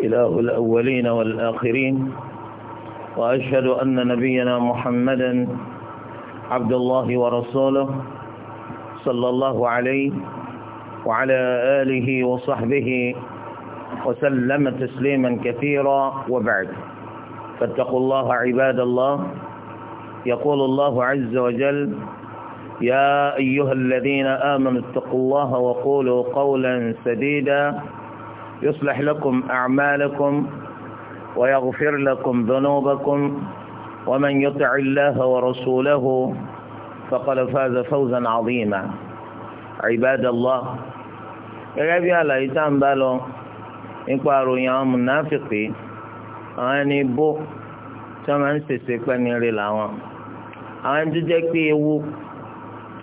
إله الأولين والآخرين وأشهد أن نبينا محمدا عبد الله ورسوله صلى الله عليه وعلى آله وصحبه وسلم تسليما كثيرا وبعد فاتقوا الله عباد الله يقول الله عز وجل يا أيها الذين آمنوا اتقوا الله وقولوا قولا سديدا يصلح لكم أعمالكم ويغفر لكم ذنوبكم ومن يطع الله ورسوله فقد فاز فوزا عظيما عباد الله يجب على إيتام بالو إقبارو يوم النافقي أني بو كما نسيسيك بنيري لعوام أنا جدك في إيو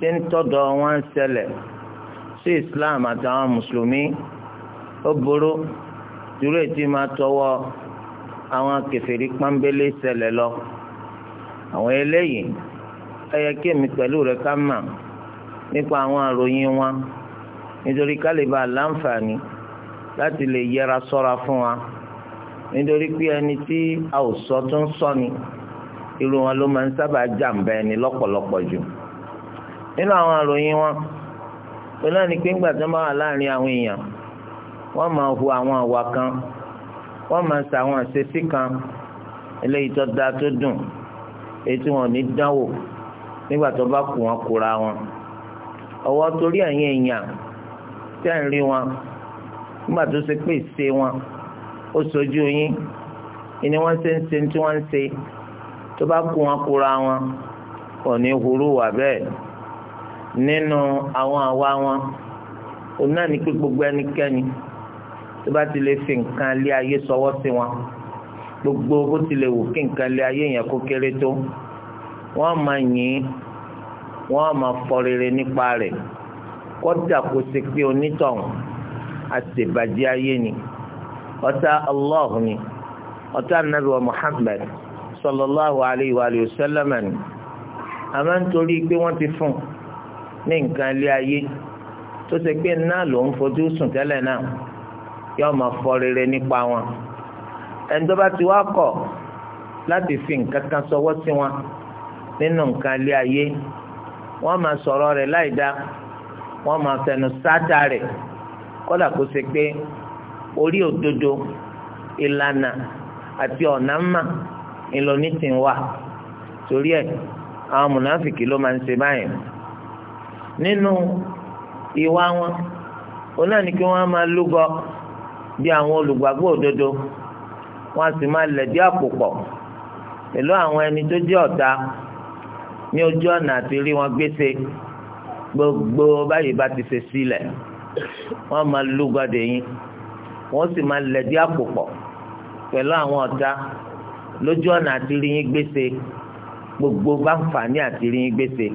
تنتو دوان سلة سي إسلام أتعام مسلمين ó burú dúró ètí máa tọwọ́ àwọn kèfèrí pọ́nbélé ṣẹlẹ̀ lọ àwọn eléyìí ẹ yẹ kí èmi pẹ̀lú rẹ ká mà nípa àwọn àròyìn wọn nítorí ká lè bá a láǹfààní láti lè yẹra sọ́ra fún wa nítorí pé ẹni tí a ò sọ tó ń sọ ni irú wọn ló máa ń sábà jàǹbá ẹni lọ́pọ̀lọpọ̀ jù nínú àwọn àròyìn wọn pẹ̀lú àníkpéǹgbà tó ń bá wà láàrin àwọn èèyàn wọ́n máa hu àwọn àwa kan wọ́n máa sa àwọn àṣesí kan eléyìí tó dáa tó dùn èyí tí wọ́n ní dánwò nígbà tó bá kù wọ́n kóra wọn ọwọ́ torí ẹ̀yin èèyàn tẹ́ ń rí wọn nígbà tó ṣe pé ìṣe wọn ó sojú yín ìní wọ́n ṣe ń ṣe tí wọ́n ń ṣe tó bá kù wọ́n kóra wọn kò ní hurú wà bẹ́ẹ̀ nínú àwọn àwa wọn òun náà ní pé gbogbo ẹnikẹ́ni tó bá ti lè fi nǹkan lé ayé sọwọ́ sí wọn gbogbo bó ti lè wù kí nǹkan lé ayé yẹn kó kéré tó wọ́n máa yìn wọ́n máa fọ rere nípa rẹ̀ kódà kó ṣe pé onítọ̀hún àṣebàjẹ́ ayé ni ọ̀tá Allah ni ọ̀tá Ànábì wa Muhammad sallallahu alayhi wa sallam ni àmọ́ nítorí pé wọ́n ti fún ní nǹkan lé ayé tó ṣe pé náà ló ń fojú sùn tẹ́lẹ̀ náà. yóò máa fọ rere nípa wọn ẹni ti wá kọ̀ láti fi nǹkan kan sọwọ́ sí wọn nínú nǹkan ilé ayé wọn máa sọrọ rẹ láì dá wọ́n máa fẹnu sáátà rẹ. kódà kó ṣe pé orí òdodo ìlànà àti ọ̀nà mà ńlọní ti ń wà torí ẹ̀ àwọn mùnàfìkì ló máa ń ṣe báyìí nínú ìwà wọn òun náà ni kí wọ́n máa lúgọ. bí àwọn olùgbàgbọ́ òdodo wọn a sì máa lẹ̀dí àpò pọ̀ pẹ̀lú àwọn ẹni tó jẹ́ ọ̀tá ní ojú ọ̀nà àti rí wọn gbèsè gbogbo báyìí bá ti ṣe sílẹ̀ wọ́n máa lúgọ̀dẹ̀ yín wọ́n sì máa lẹ̀dí àpò pọ̀ pẹ̀lú àwọn ọ̀tá lójú ọ̀nà àti rí yín gbèsè gbogbo báǹfààní àti rí yín gbèsè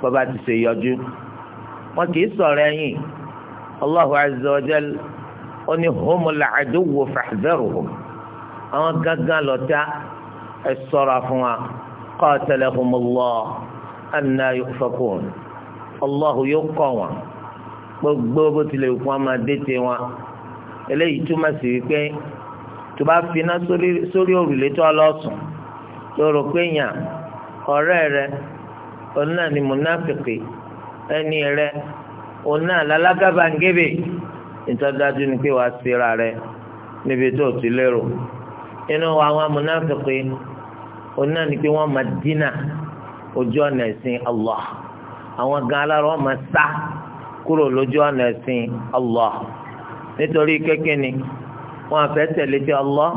bọ́ba ti ṣe yọjú wọn kì í sọ̀rọ̀ ẹ̀yìn Allahu azza ó ní humul aduwwu fahdharuhum àwọn gángan lọ́tá ẹ fún wa qatalahumullah anna yufakun Allahu yóò kọ́ wọn gbogbo bó tilẹ̀ fún wa máa dé wọn eléyìí túmọ̀ sí wípé tó bá finá sórí òrùlé tó lọ́sùn tó rò pé yàn ọ̀rẹ́ rẹ òun náà ni mùnáfìkì ẹni rẹ òun náà lálágàbàǹgẹ̀bẹ̀. ìtọ́jájú ni pé wàá síra rẹ níbi tó ti lérò inú àwọn amúnáfíkì òun náà ni pé wọ́n máa dínà ojú ọ̀nà ẹ̀sìn Allah àwọn gan alára wọn máa sá kúrò lójú ọ̀nà ẹ̀sìn Allah nítorí kékeré ni wọn àfẹ́ tẹ̀lé ti Allah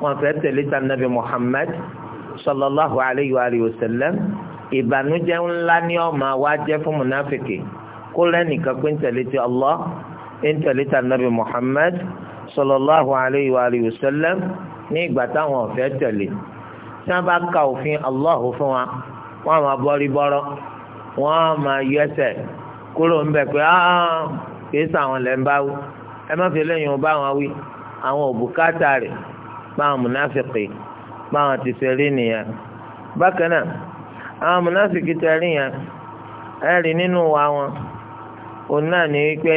wọn àfẹ́ tẹ̀lé ti anabi Muhammad sallallahu alayhi wa alihi wa sallam ìbànújẹ́ ńlá ni ó máa wá jẹ́ fún múnáfíkì kó lẹ́nìkan pé ń tẹ̀lé ti Allah ń tẹ̀lé ta nabi Muhammad sallallahu alayhi wa alihi wa sallam ní ìgbà táwọn ọ̀fẹ́ tẹ̀lé tí wọ́n bá ka òfin Allahu fún wa wọ́n á máa bọ́rí bọ́rọ́ wọ́n á máa yọ ẹsẹ̀ kúrò ń bẹ̀ pé kìí sàwọn lẹ́ ń bá wí ẹ má fi lẹ́yìn bá wọn wí àwọn òbúkátà rẹ̀ báwọn múnáfìkì báwọn ti ṣe rí nìyẹn bákan náà àwọn múnáfìkì tẹ rí yẹn ẹ nínú wa wọn òun náà ní wípé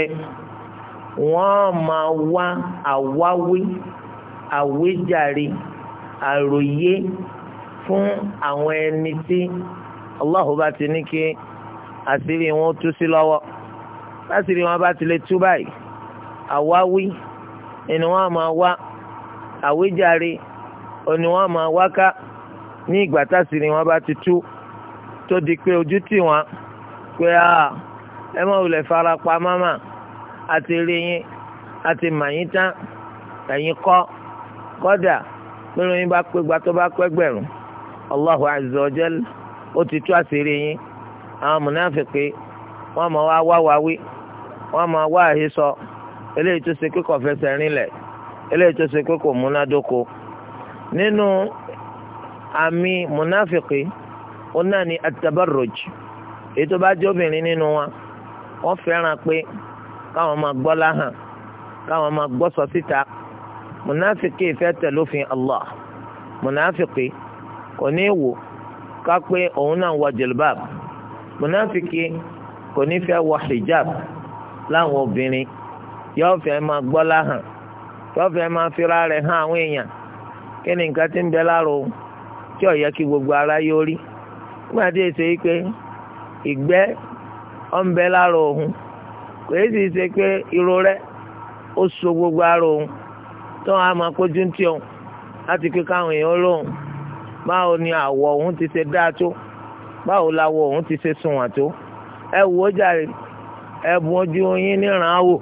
wọ́n ma wá àwáwí àwíjàre àròyé fún àwọn ẹni tí Allahu bá ti ní kí àṣírí wọn tú sí lọ́wọ́ láṣírí wọn bá ti lè tú báyìí àwáwí ni wọ́n ma wá àwíjàre ni wọ́n máa wá ká ní ìgbà táṣírí wọn bá ti tú tó di pé ojú tì wọ́n pé ẹ má wulẹ̀ fara pa mọ́mọ́. àti rí yín àti mà yín tán ẹ̀yin kọ́ kọ́dà pẹ̀lú yín gba tó bá Allahu ó ti tú àṣírí yín àwọn wọ́n wá wá wáwí wọ́n wá eléyìí tó ṣe pé fẹsẹ̀ rinlẹ̀ eléyìí tó ṣe pé kò múnádóko nínú àmì mùnáfìkì ó náà ní atabarruj èyí tó bá káwọn máa gbọ́ láhàn káwọn máa gbọ́ sọ síta mùnáfìkì fẹ́ tẹ̀lé òfin Allah mùnáfìkì kò ní wò ká pé òun náà wọ jilbab mùnáfìkì kò ní fẹ́ wọ hijab láwọn obìnrin yóò fẹ́ máa gbọ́ láhàn yóò fẹ́ máa fira rẹ̀ hàn àwọn èèyàn kí ni nǹkan ti ń bẹ ara yóò rí nígbà tí èsè pé ìgbẹ́ ọ̀ ń kòyí sì ṣe pé irun rẹ̀ ó so gbogbo ara òun tó a máa kójú ń tiọ̀ láti pé káwọn èèyàn lóhùn báwo ni àwọ̀ òun ti ṣe dáa tó báwo làwọ̀ òun ti ṣe sunwọ̀n tó ẹ wò ó jàre ẹ bu ojú yín níran áwò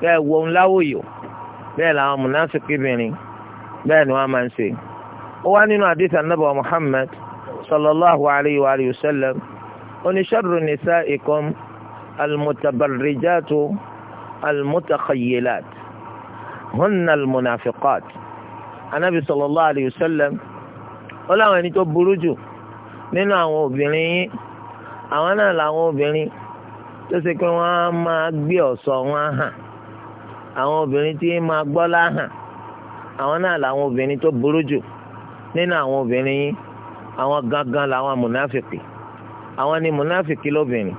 kẹ wò ń láwòyò bẹ́ẹ̀ làwọn mùnásìkí bìnrin bẹ́ẹ̀ ni wọ́n máa ń ṣe. ó wá nínú àdìsí anábọ̀ Muhammad sallallahu alayhi wa sallam oníṣẹ́rù nìṣẹ́ ìkọ́mù. المتبرجات المتخيلات هن المنافقات النبي صلى الله عليه وسلم ó láwọn ẹni tó burú jù nínú àwọn obìnrin yín àwọn náà làwọn obìnrin tó ṣe pé wọ́n á máa gbé ọ̀ṣọ́ wọn hàn àwọn obìnrin tí máa gbọ́lá hàn àwọn náà làwọn obìnrin tó burú jù nínú àwọn obìnrin yín àwọn gangan làwọn munafiki àwọn ni munafiki lóbìnrin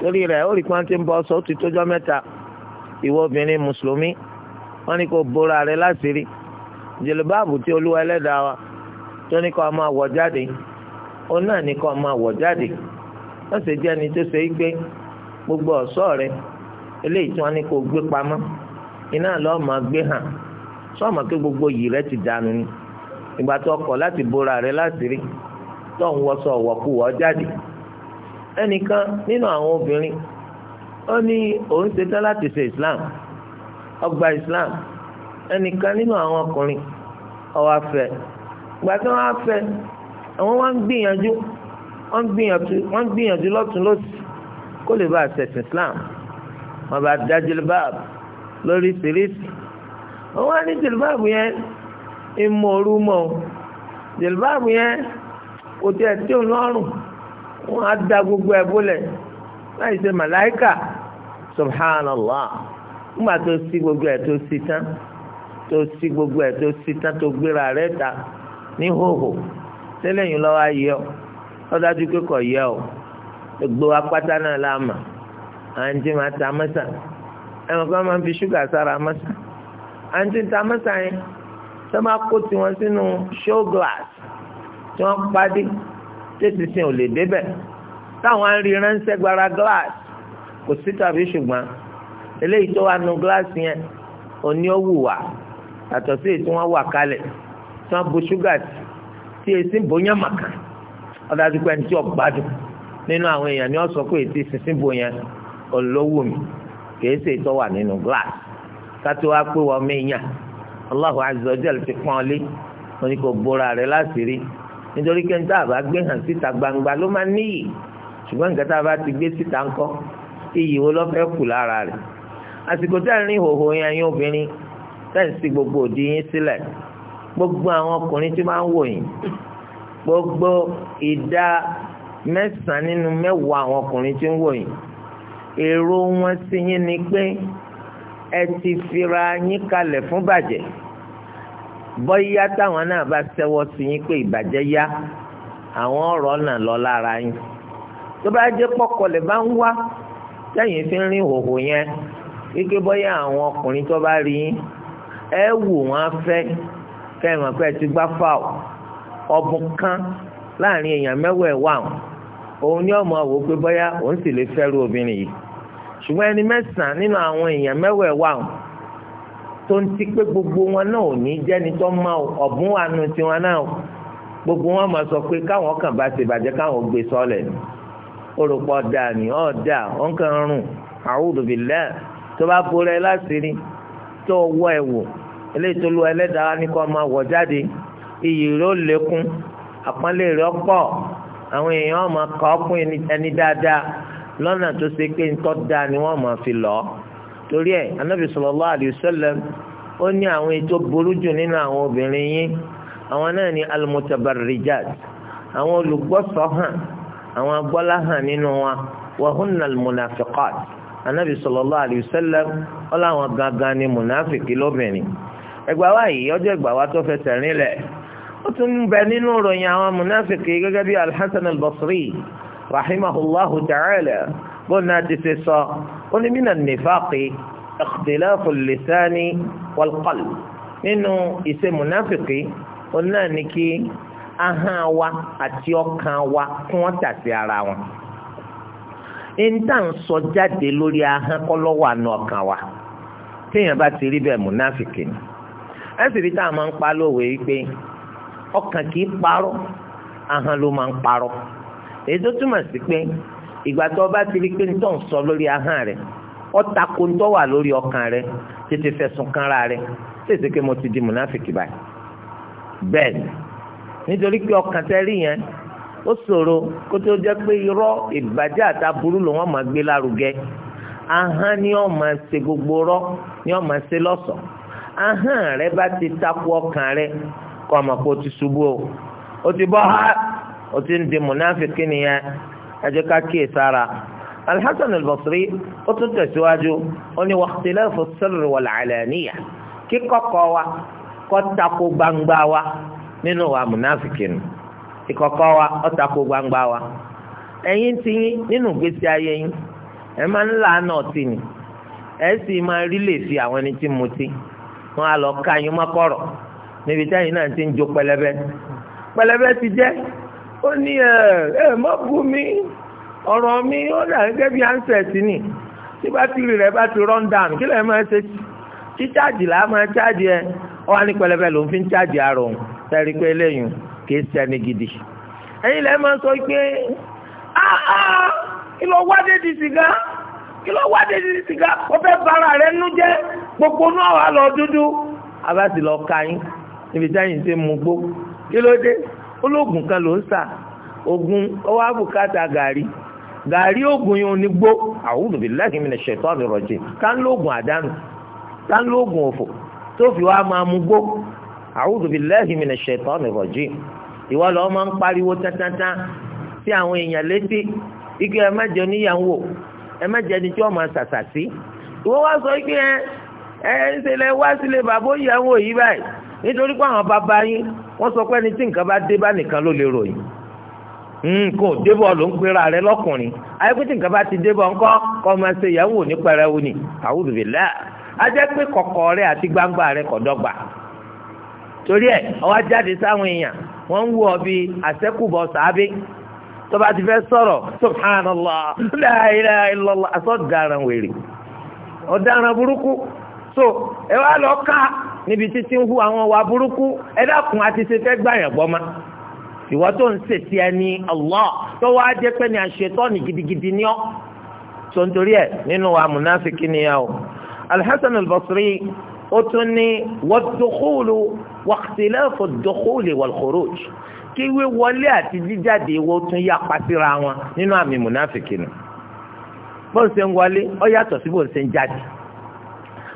torí rẹ̀ ó rí pé wọ́n ti ń bọ́ sọ ó ti tójọ́ mẹ́ta ìwọ obìnrin mùsùlùmí wọn ni kò bora rẹ̀ láṣìírí jìlìbáàbù tí olúwa ẹlẹ́dàá wa tó ní kó a jáde ó náà ní kó jáde sì jẹ́ ẹni tó ṣe é gbogbo ọsọ rẹ̀ eléyìí tí gbé iná máa gbé hàn ti dànù ni ìgbà tó láti bora tó ń ẹnìkan nínú àwọn obìnrin ó ní òun ṣetán láti ṣe islam ọgbà islam ẹnìkan nínú àwọn ọkùnrin ọwọ́ afẹ́ ìgbà tí wọ́n á fẹ́ àwọn wọ́n ń gbìyànjú wọ́n ń gbìyànjú wọ́n ń gbìyànjú lọ́tún lọ́sì kó lè bá ṣẹ̀sìn islam wọ́n bá dá jìlbáàbù lórí sírísì wọ́n á ní jìlbáàbù yẹn ìmọ̀ òru mọ̀ jìlbáàbù yẹn kò tiẹ̀ tí ò lọ́rùn wọ́n á da gbogbo ẹ̀ bólẹ̀ láì ṣe màláìkà subhanallah nígbà tó sí gbogbo ẹ̀ tó sí tán tó sí gbogbo ẹ̀ tó sí tán tó gbéra rẹ̀ ta ní hóhò tẹ́lẹ̀ yìí lọ́wọ́ ayé ọ lọ́dájú pé kò yẹ ọ gbogbo apáta náà la mà à ń tí máa ta mọ́sà ẹ̀wọ̀n kan máa ń fi ṣúgà sára mọ́sà à ń tí ta mọ́sà yẹn tó máa kó tiwọn sínú show glass tí wọ́n padì. tẹ́sísìn ò lè débẹ̀ táwọn ń rí ránṣẹ́ gbara glass kò sí tàbí ṣùgbọ́n eléyìí tó wà nù glass yẹn òní ó wá yàtọ̀ sí èyí tí wọ́n wà kalẹ̀ tí wọ́n bu ṣúgà tí èsì bóyán màkà pé ẹni tí nínú àwọn èèyàn ni wọ́n sọ pé ètí sísìn olówó mi kìí ṣe ìtọ́ wà nínú glass kátó wá pé wọ́n mí yàn nítorí pé níta àbá gbé hàn síta gbangba ló máa níyì ṣùgbọ́n nǹkan tá a bá ti gbé síta ńkọ́ iyì wo lọ́fẹ́ kù lára rẹ̀ àsìkò tá à ń rí ìhòhò yẹn ayé obìnrin tá à ń sí gbogbo òdì yín sílẹ̀ gbogbo àwọn ọkùnrin tí máa ń wò yín gbogbo ìdá mẹ́sàn-án nínú mẹ́wàá àwọn ọkùnrin tí ń wò yín èrò wọn sí yín ni pé ẹ ti fira yín kalẹ̀ fún bàjẹ́ bọ́yá táwọn náà bá sẹ́wọ́ sí yín pé ìbàjẹ́ yá àwọn ọ̀rọ̀ náà lọ lára yín tó bá jẹ́ pọ́kọlẹ̀ bá ń wá sẹ́yìn fi ń rìn hòhò yẹn wípé bọ́yá àwọn ọkùnrin tó bá rí yín ẹ wù wọ́n fẹ́ kẹ́hìnmọ́ pé ẹ ti gbá fáwọ̀ ọ̀bùn kan láàrin èèyàn mẹ́wẹ̀ẹ́ wà òun ni ọmọ wò pé bọ́yá òun sì lè fẹ́rù obìnrin yìí ṣùgbọ́n ẹni mẹ́sàn-án nínú àwọn èèyàn mẹ́wẹ̀ẹ́ wà òun tó ń ti pé gbogbo wọn náà ò ní jẹ́ni tó máa ọ̀bùn àánú tiwọn náà gbogbo wọn máa sọ pé káwọn kàn bá ṣe bàjẹ́ káwọn gbé sọ́ọ̀lẹ̀ ni ó rò pọ̀ dáa ni ọ̀ dáa ọ̀ ń kàn ń rùn a'udhu billah tó bá borí ẹ láti rí tó wọ ẹ eléyìí tó lu ẹlẹ́dàá ní kó máa wọ̀ jáde iyì rẹ̀ lékún àpọ́nlé rẹ̀ pọ̀ àwọn èèyàn ọmọ kọ́ ọkùnrin ẹni dáadáa lọ́nà tó ṣe pé ń tọ́ dáa ni wọ́n máa fi lọ́ọ́ torí ẹ̀ anábì sallallahu alayhi wa sallam ó ní àwọn ètò burú jù nínú àwọn obìnrin yín àwọn náà ní almutabarrijat àwọn olùgbọ́sọ̀ hàn àwọn agbọ́lá hàn nínú wa wa hunna almunafiqat anábì sallallahu alayhi wa sallam ó láwọn gangan ní munafiki lóbìnrin ẹgbàá wa yìí ọjọ́ ẹgbàá wa tó fẹsẹ̀ rinlẹ̀ ó tún bẹ nínú ròyìn àwọn munafiki gẹ́gẹ́ bí alhassan albasri rahimahullahu ta'ala bọ́nà ti ṣe sọ ó ní mínà nífàkì ikhtilafu lisani wal qalb nínú ìṣe mùnáfìkì ó náà ní kí ahọ́n wa àti ọkàn wa kí wọ́n tàsí ara wọn ìntà ń sọ jáde lórí ahọ́n kọ́lọ́wà ní ọkàn wa téèyàn bá ti rí bẹ́ẹ̀ mùnáfìkì ni ẹ sì rí táwọn máa ń pa lóòwe wípé ọkàn kì í parọ́ ahọ́n ló máa ń parọ́ èyí tó túmọ̀ sí pé ìgbà tó o bá ti rí pé nítorí ń sọ lórí ahọ́n rẹ̀ ó tako ń tọ́ wà lórí ọkàn rẹ̀ tètè fẹ̀sùn kanra rẹ̀ tètè pé mo ti di mùnáfìkì báyìí bẹ́ẹ̀ nítorí pé ọkàn tẹ́ rí yẹn ó ṣòro kó tó jẹ́ pé irọ́ ìbàjẹ́ àtàbúrú ló wọ́n máa gbé lárugẹ ahọ́n ni ó máa ṣe gbogbo rọ́ ni ó máa ṣe lọ́sọ̀ọ́ ahọ́n rẹ̀ bá ti tako ọkàn rẹ̀ kọ́ ọmọ kó o ẹ jẹ́ ká kíyè sára alhassan albasri ó tún tẹ̀síwájú ó ní wàhálàfù sirri wal alaniya kíkọ́kọ́ wa kó tako gbangba wa nínú wa munafikin ìkọ̀kọ̀ wa ó tako gbangba wa ẹ̀yin tiyín nínú ìgbésí ayé yín ẹ máa ń lànà ọtí ni ẹ sì máa rí lè fi àwọn ẹni tí mu ti wọn á lọ níbi táyìn náà ti ń jó pẹlẹbẹ pẹlẹbẹ ti jẹ́ ó ní ẹ ẹ mọ́ bú mi ọ̀rọ̀ mi ó dà gẹ́gẹ́ bí ansẹ̀t ni tí bátìrì rẹ̀ bá ti run down kí lẹ́ẹ̀ máa ṣe tí cháàjì là á máa cháàjì ẹ ọ wá ní pẹlẹbẹ ló ń fi ń cháàjì ara òun tẹ́rí pé eléyìí kì í ṣẹni gidi ẹ̀yin lẹ́ẹ̀ máa sọ pé kí ló wá dé di sìgá kí ló wá dé di sìgá ó fẹ́ bara rẹ̀ nú jẹ́ gbogbo náà wà lọ dúdú abá lọ ka yín níbi táyìn ṣe mú gbó kí ló dé olóògùn kan ló ń sà ogun ọwọ́ àbùkátà gàrí gàrí oògùn yìí ní gbó a'udhu billahi minash shaitani rajim ká ń lóògùn àdánù ká ń lóògùn òfò tó fi wá máa mú gbó a'udhu billahi minash shaitani rajim ìwọ lọ́ọ́ máa ń pariwo tántánta sí àwọn èèyàn létí ike ẹ má jẹ oníyàwó ẹ má jẹ ẹni tí wọ́n máa ṣàṣà sí ìwọ wá sọ ike ẹ ẹ ń ṣe lẹ wá sílé bàbá òyìnbó yìí báyìí nítorí pé àwọn bàbá yín wọ́n sọ pé ẹni tí nǹkan bá dé bá nìkan ló lè ròyìn nǹkan hmm, ò débọ̀ ló ń pera rẹ lọ́kùnrin ayépe tí nǹkan bá ti débọ̀ ńkọ́ kọ́ máa ṣe ìyàwó ní pẹrẹwu ni àwùjọ bìlá ajẹ́ pé kọ̀kọ̀ rẹ àti gbangba rẹ kò dọ́gba torí ẹ̀ ọwọ́ jáde sáwọn èèyàn wọ́n ń wú ọ bí àṣẹ́kùbọ̀ sàábé tó bá ti fẹ́ sọ̀rọ̀ subhanallah la ilaha illallah àsọ̀dàràn wèrè ọ̀daràn burúkú so ẹ wá lọ ká níbi títí ń hu àwọn wa burúkú ẹ dákun àti ṣe fẹ́ gbà yàn gbọ́mọ ìwọ tó ń ṣètì ẹni Allah tó wá jẹ́ pé ní àṣetọ́ni gidigidi ni ọ́ tó ń torí ẹ̀ nínú wa múnáfíkì ni yà o Al-Hasan Al-Basri ó tún ní wad-dukhulu wa ikhtilafu ad-dukhuli wal-khuruj kí wíwọlé àti jíjáde wo tún yá pàṣírà wọn nínú àmì múnáfíkì ni bó ń ṣe ń wọlé ó yàtọ̀ sí bó ń ṣe ń jáde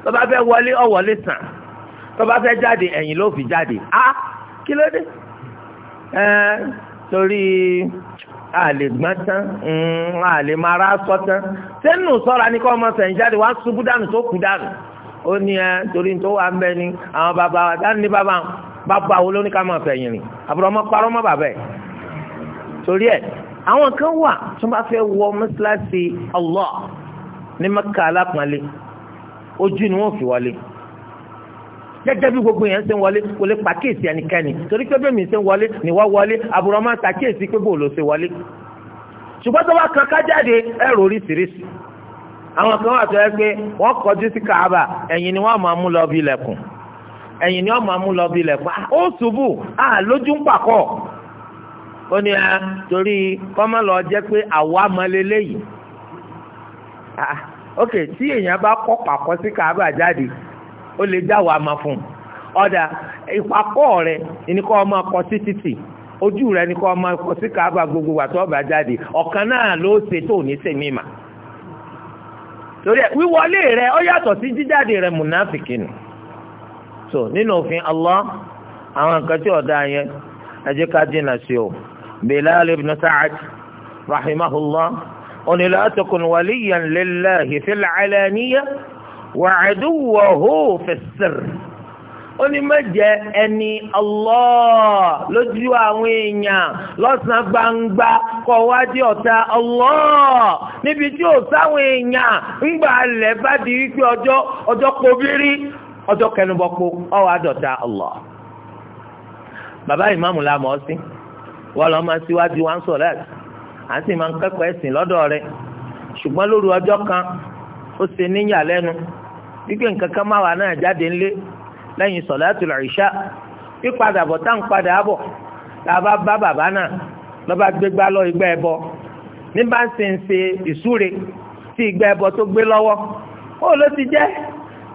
bàbá fẹ́ wọlé ó wọlé sàn tó bá fẹ́ jáde ẹ̀yìn ló fi jáde á kí ló dé ẹ torí àlè gbọ́n tán àlè mm, máa rà sọ tán sẹ́nu sọ́ra ni kọ́ ọmọ sẹ̀yìn jáde wá ṣubú dànù tó kú dànù ó ní ẹ torí tó wà ń bẹ ni àwọn bàbá wa dání ní bàbá bàbá wo ló ní ká máa fẹ̀yìn rìn àbúrò ọmọ parọ́ mọ́ bàbá ẹ̀ torí ẹ̀ àwọn kan wà tó bá fẹ́ wọ mọ́sálásí Allah ní Mẹ́kà alápọ̀nlé ojú ni wọ́n fi wọlé gẹ́gẹ́ bí gbogbo yẹn ń ṣe wọlé kò lè pàkíyèsí ẹnikẹ́ni torí pé bẹ́ẹ̀ mi ṣe wọlé ni wọ́n wọlé àbúrò máa ń ṣàkíyèsí pé bò ló ṣe wọlé ṣùgbọ́n tó bá kan ká jáde ẹ̀rọ oríṣiríṣi àwọn kan wà tó yẹ pé wọ́n kọjú sí Kaaba ẹ̀yìn ni wọ́n máa mú lọ bí ilẹ̀kùn ẹ̀yìn ni wọ́n máa mú lọ bí ilẹ̀kùn ah, ó ṣubú à ah, lójú ń pàkọ́ ó ní ẹ ah, torí kọ́mọ́ jẹ́ pé àwa máa lélẹ́yìí ok tí èèyàn bá kọ́ pàkọ́ sí Kaaba jáde ó lè já wàá máa fún un ìpapọ̀ rẹ ni kọ́ ọmọ ọkọ̀ títí tì ojú rẹ ni ọmọ ọkọ̀ sí gbogbo wà tó bá jáde ọ̀kan náà ló ṣe tó ní sèmi mà torí wíwọlé rẹ ó yàtọ̀ sí jíjáde rẹ mùnáfìkì nù so nínú òfin Allah àwọn nǹkan tí ọ̀dà yẹn ẹ ká dínà sí o Bilal ibn Sa'ad rahimahullah onílà àtọkùn wàlíyàn lillahi wàdúwọ̀hó fẹsẹ̀r ó ní má ẹni Allah lójú àwọn èèyàn lọ́sàn gbangba kọ wájú ọ̀tá níbi tí ò sáwọn èèyàn ńgbà alẹ̀ bá di wípé ọjọ́ ọjọ́ ọjọ́ ọwọ́ bàbá ìmáàmù la sí wọ́n lọ́ máa síwájú wípé nǹkan kan máa wà náà jáde ńlé lẹ́yìn sọ̀láàtùl ìṣá pípadà bọ̀ tá ń padà bọ̀ tá a bá bá bàbá náà lọ́ba gbégbá lọ ìgbà ẹbọ ní bá ń ṣe ń ṣe ìsúre tí ìgbà ẹbọ tó gbé lọ́wọ́ ó ló ti jẹ́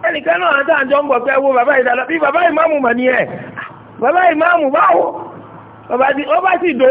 ẹnìkan náà tá à ń jọ ń bọ̀ pé wo bàbá ìdálọ́ bí bàbá ìmáàmù mọ̀ ni bàbá ìmáàmù báwo bàbá sì do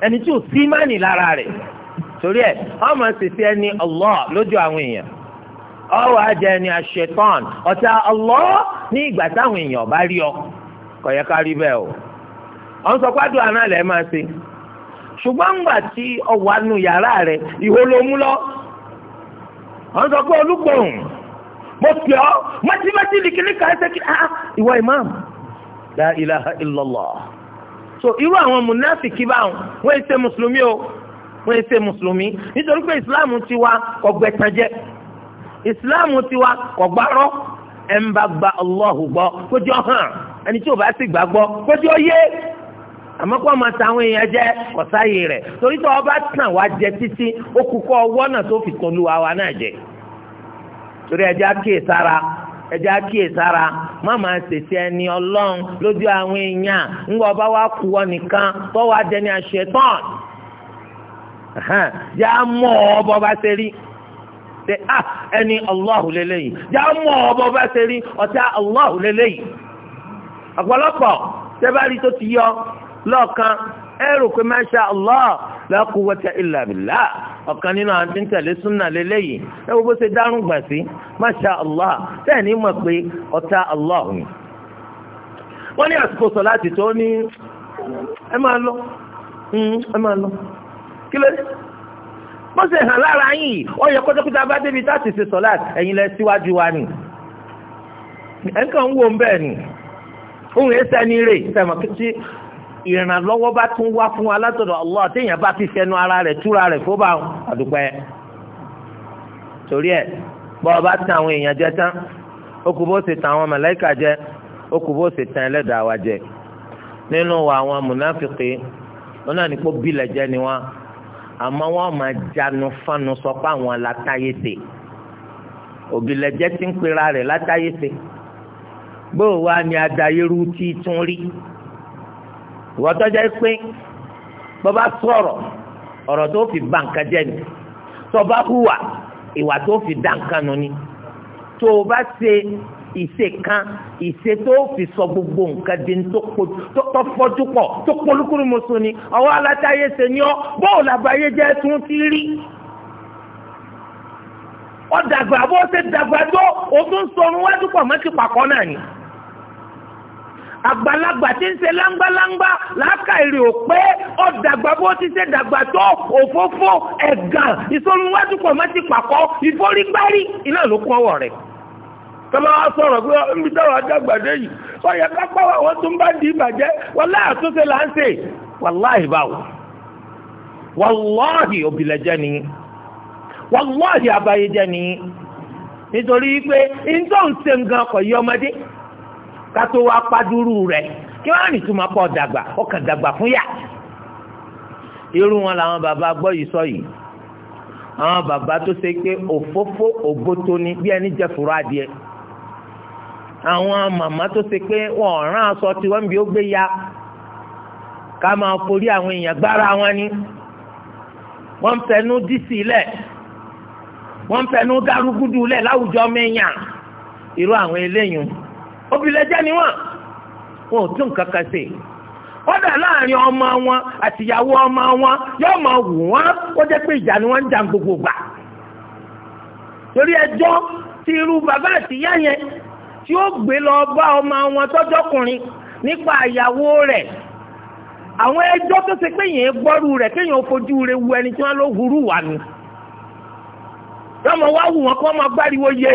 ẹni tí ò sí mánì lára rẹ̀ torí ẹ̀ ọmọ sisi ẹni Allah lójú àwọn èèyàn ọwọ́ ajá ẹni àṣetán ọ̀tá Allah ní ìgbà táwọn èèyàn bá rí ọ kò yẹ bẹ́ẹ̀ o ọ̀n sọ pàdùn àná lẹ̀ máa ṣe ṣùgbọ́n ńgbà tí ọwọ́ anú yàrá rẹ̀ ìhó ló mú lọ ọ̀n sọ pé olúgbòhùn mo pè ọ́ mọ́tímọ́tí lìkìlì kan ṣe kí ah, ah ìwọ so irú àwọn mùnáfìkì báwọn wọ́n ṣe mùsùlùmí o wọ́n ṣe mùsùlùmí nítorí pé islam ti wa kò gbẹ̀tànjẹ́ ìsìláàmù ti wa kò ń bá gba Allahu gbọ́ kójú ọ̀hán ẹni tí ò bá sì gbàgbọ́ kójú ọ̀yẹ́ àmọ́ kó máa ta èèyàn jẹ́ kọ̀sáyé rẹ̀ ọba tàn wá jẹ títí ó kú kọ́ ọwọ́ náà tó fi tọ́lu àwa náà jẹ torí ẹjẹ́ á kíyè sára ẹjẹ àkíyèsára má máa ṣèṣe ẹni ọlọ́run lójú àwọn èèyàn ńgbà ọba wa kú ọ nìkan tọ́wọ́ adẹni àṣetán yà á mọ̀ ọ́ bọ́ba ṣe rí ṣe á ah, ẹni ọlọ́hùn lélẹ́yìn yà á mọ̀ ọ́ bọ́ba ṣe rí ọ̀tá ọlọ́hùn lélẹ́yìn ọ̀pọ̀lọpọ̀ tẹ́bárí tó ti yọ lọ́ọ̀kan ẹrù pé masha allah la quwwata ila billah ọ̀kan nínú àwọn tí ń tẹ̀lé súnà lélẹ́yìí ẹ bó ṣe dárùn gbà sí masha allah tẹ́ẹ̀ ní mọ̀ pé ọ̀tá allah ni. wọ́n ní àsìkò sọ láti tó ní ẹ máa lọ hmm, ẹ máa lọ kí ló dé bó ṣe hàn lára yìí ó yẹ kótókótó abá débi táti ṣe sọ láti ẹ̀yin lẹ síwájú wa ni ẹ̀ ń wò ń bẹ́ẹ̀ ni ohun rè ìrànlọ́wọ́ bá tún wá fún wa látọ̀dọ̀ Allah téèyàn bá fi fẹnu ara rẹ̀ túra rẹ̀ fó bá àdúpẹ́ torí ẹ̀ bọ́ ọ bá tàn àwọn èèyàn jẹ tán ó kù bó ṣe tàn àwọn màláíkà jẹ ó kù bó ṣe tàn ẹlẹ́dàá wa jẹ nínú wa àwọn mùnáfìkì wọn náà ní kó bílẹ̀ jẹ́ ni wọn àmọ́ wọn máa jánu fánu sọ pé àwọn látàyè tè òbílẹ̀ jẹ́ ti ń pera rẹ̀ látàyè tè gbóòwá ni adayérú tí tún rí ìwọ tọjá pé bọba sọ̀rọ̀ ọ̀rọ̀ tó fi ba nǹkan jẹ́ ni tọba hùwà ìwà tó fi dá nǹkan nù ni tó o bá ṣe ìṣe kan ìṣe tó fi sọ gbogbo nǹkan di tó fọ́jú pọ̀ tó polúkúrú mọ́sọ ni ọwọ́ alátáyé ṣe ni ọ́ bóòlù àbáyé jẹ́ tún ti rí ọ̀dàgbà bó ṣe dàgbà tó o tún sọ̀rọ̀ wájú pọ̀ mọ́tì pàkọ́ náà ni àgbàlagbà tí ń ṣe láńgbáláńgbá làákàìrè ò pé ó dàgbà bó ti ṣe dàgbà tó òfófó ẹ̀gàn ìsolúwájú pọ̀ mọ́ ti pàkọ́ ìforígbárí iná ló kún ọwọ́ rẹ̀ tọ́lá wa sọ̀rọ̀ pé níbi táwọn adágbàdé yìí ọ̀yà kápá àwọn tó ń bá di ìbàjẹ́ wàlá àtúnṣe là ń ṣe wàláhì báwo wàláhì òbílẹ̀jẹ́ ni wàláhì àbáyéjẹ́ ni nítorí pé ìjọ ń ṣe nǹkan kọ̀ yí ọmọdé kátó wá pàdúrú rẹ̀ kí wọ́n á nì túmọ̀ pọ̀ dàgbà ọkàn dàgbà fún yà. irú wọn làwọn bàbá gbọ́ yìí sọ yìí àwọn bàbá tó ṣe pé òfófó ògbótó ni bí ẹni jẹ fúra adìẹ àwọn màmá tó ṣe pé wọn ọ̀ràn aṣọ tí wọ́n ń bi ó gbé ya ká máa forí àwọn èèyàn gbára wọn ni wọ́n ń fẹnu dí sílẹ̀ wọ́n ń fẹnu dárúgúdù lẹ̀ láwùjọ mẹ́yàn irú àwọn eléyìí obìlẹ̀jẹ́ ni wọ́n wọn ò tún kankan sí i láàrin ọmọ wọn àtìyàwó ọmọ wọn yóò ma wù wọ́n ó jẹ́ pé ìjà ni wọ́n ń jà gbogbo gbà torí ẹjọ́ tí irú bàbá àtìyá yẹn tí ó gbé lọ bá ọmọ wọn tọ́jọ́kùnrin nípa àyàwó rẹ̀ àwọn ẹjọ́ tó ṣe pé yẹn gbọ́rù rẹ̀ kéèyàn fojú rẹ̀ wu ẹni tí wọ́n ló hurú wà ní. yọ́mọ wá wù wọ́n kó máa gbáriwo yé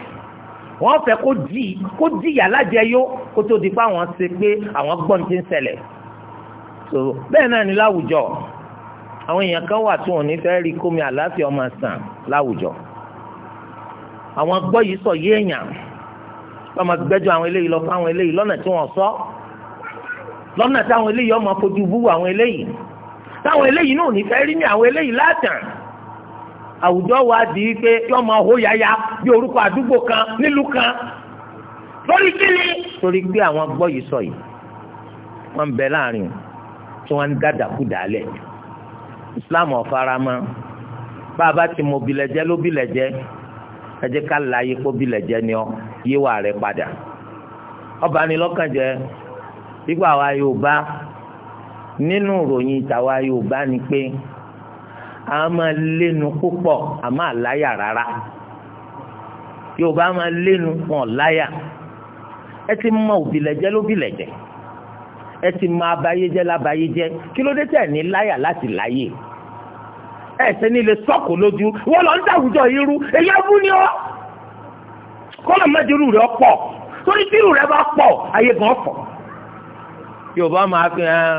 wọ́n fẹ́ kó di kó di yàlájẹyó kó tó di pé àwọn ṣe pé àwọn gbọ́n ti ń ṣẹlẹ̀ so bẹ́ẹ̀ náà ni láwùjọ àwọn èèyàn kan wà tí wọn ò ní fẹ́ rí kómi àlàáfíà ọmọ sàn láwùjọ àwọn gbọ́ yìí sọ yé èèyàn wọ́n máa gbẹ́jọ́ àwọn eléyìí lọ fún àwọn eléyìí lọ́nà tí wọ́n sọ lọ́nà táwọn eléyìí ọmọ fojú bú àwọn eléyìí táwọn eléyìí náà ò ní fẹ́ rí ní àwọn eléyìí látàn àwùjọ wa di pé yóò máa hó yáyá bí orúkọ àdúgbò kan nílùú kan lórí kíni. torí pé àwọn gbọ́ yìí sọ yìí wọ́n ń bẹ láàrin tí wọ́n ń dàdàkú dàálẹ̀ Islam ọ̀farama bá a bá ti mọ bilẹ̀jẹ́ ló bilẹ̀jẹ́ ẹ jẹ́ ká láàyè kó bilẹ̀jẹ́ ni ọ yíwà rẹ padà ọba ni lọ́kàn jẹ́ nígbà wa Yorùbá nínú ìròyìn ìtàwa Yorùbá ni pé a máa lénu púpọ̀ a máa láyà rárá yorùbá máa lénu wọn láyà ẹ ti mọ òbílẹ̀jẹ́ lóbílẹ̀jẹ́ ẹ ti mọ abayéjẹ́ lábayéjẹ́ kí ló dé tẹ̀ ní láyà láti láyè ẹ sẹ́ni lè sọ́kò lójú wọ́n lọ ń dàwùjọ irú èyí abú ni ọ́ kọ́lọ̀ mẹ́jọ́rù rẹ̀ pọ̀ torí tí irú rẹ̀ bá pọ̀ ayé gan pọ̀ yorùbá máa fi hàn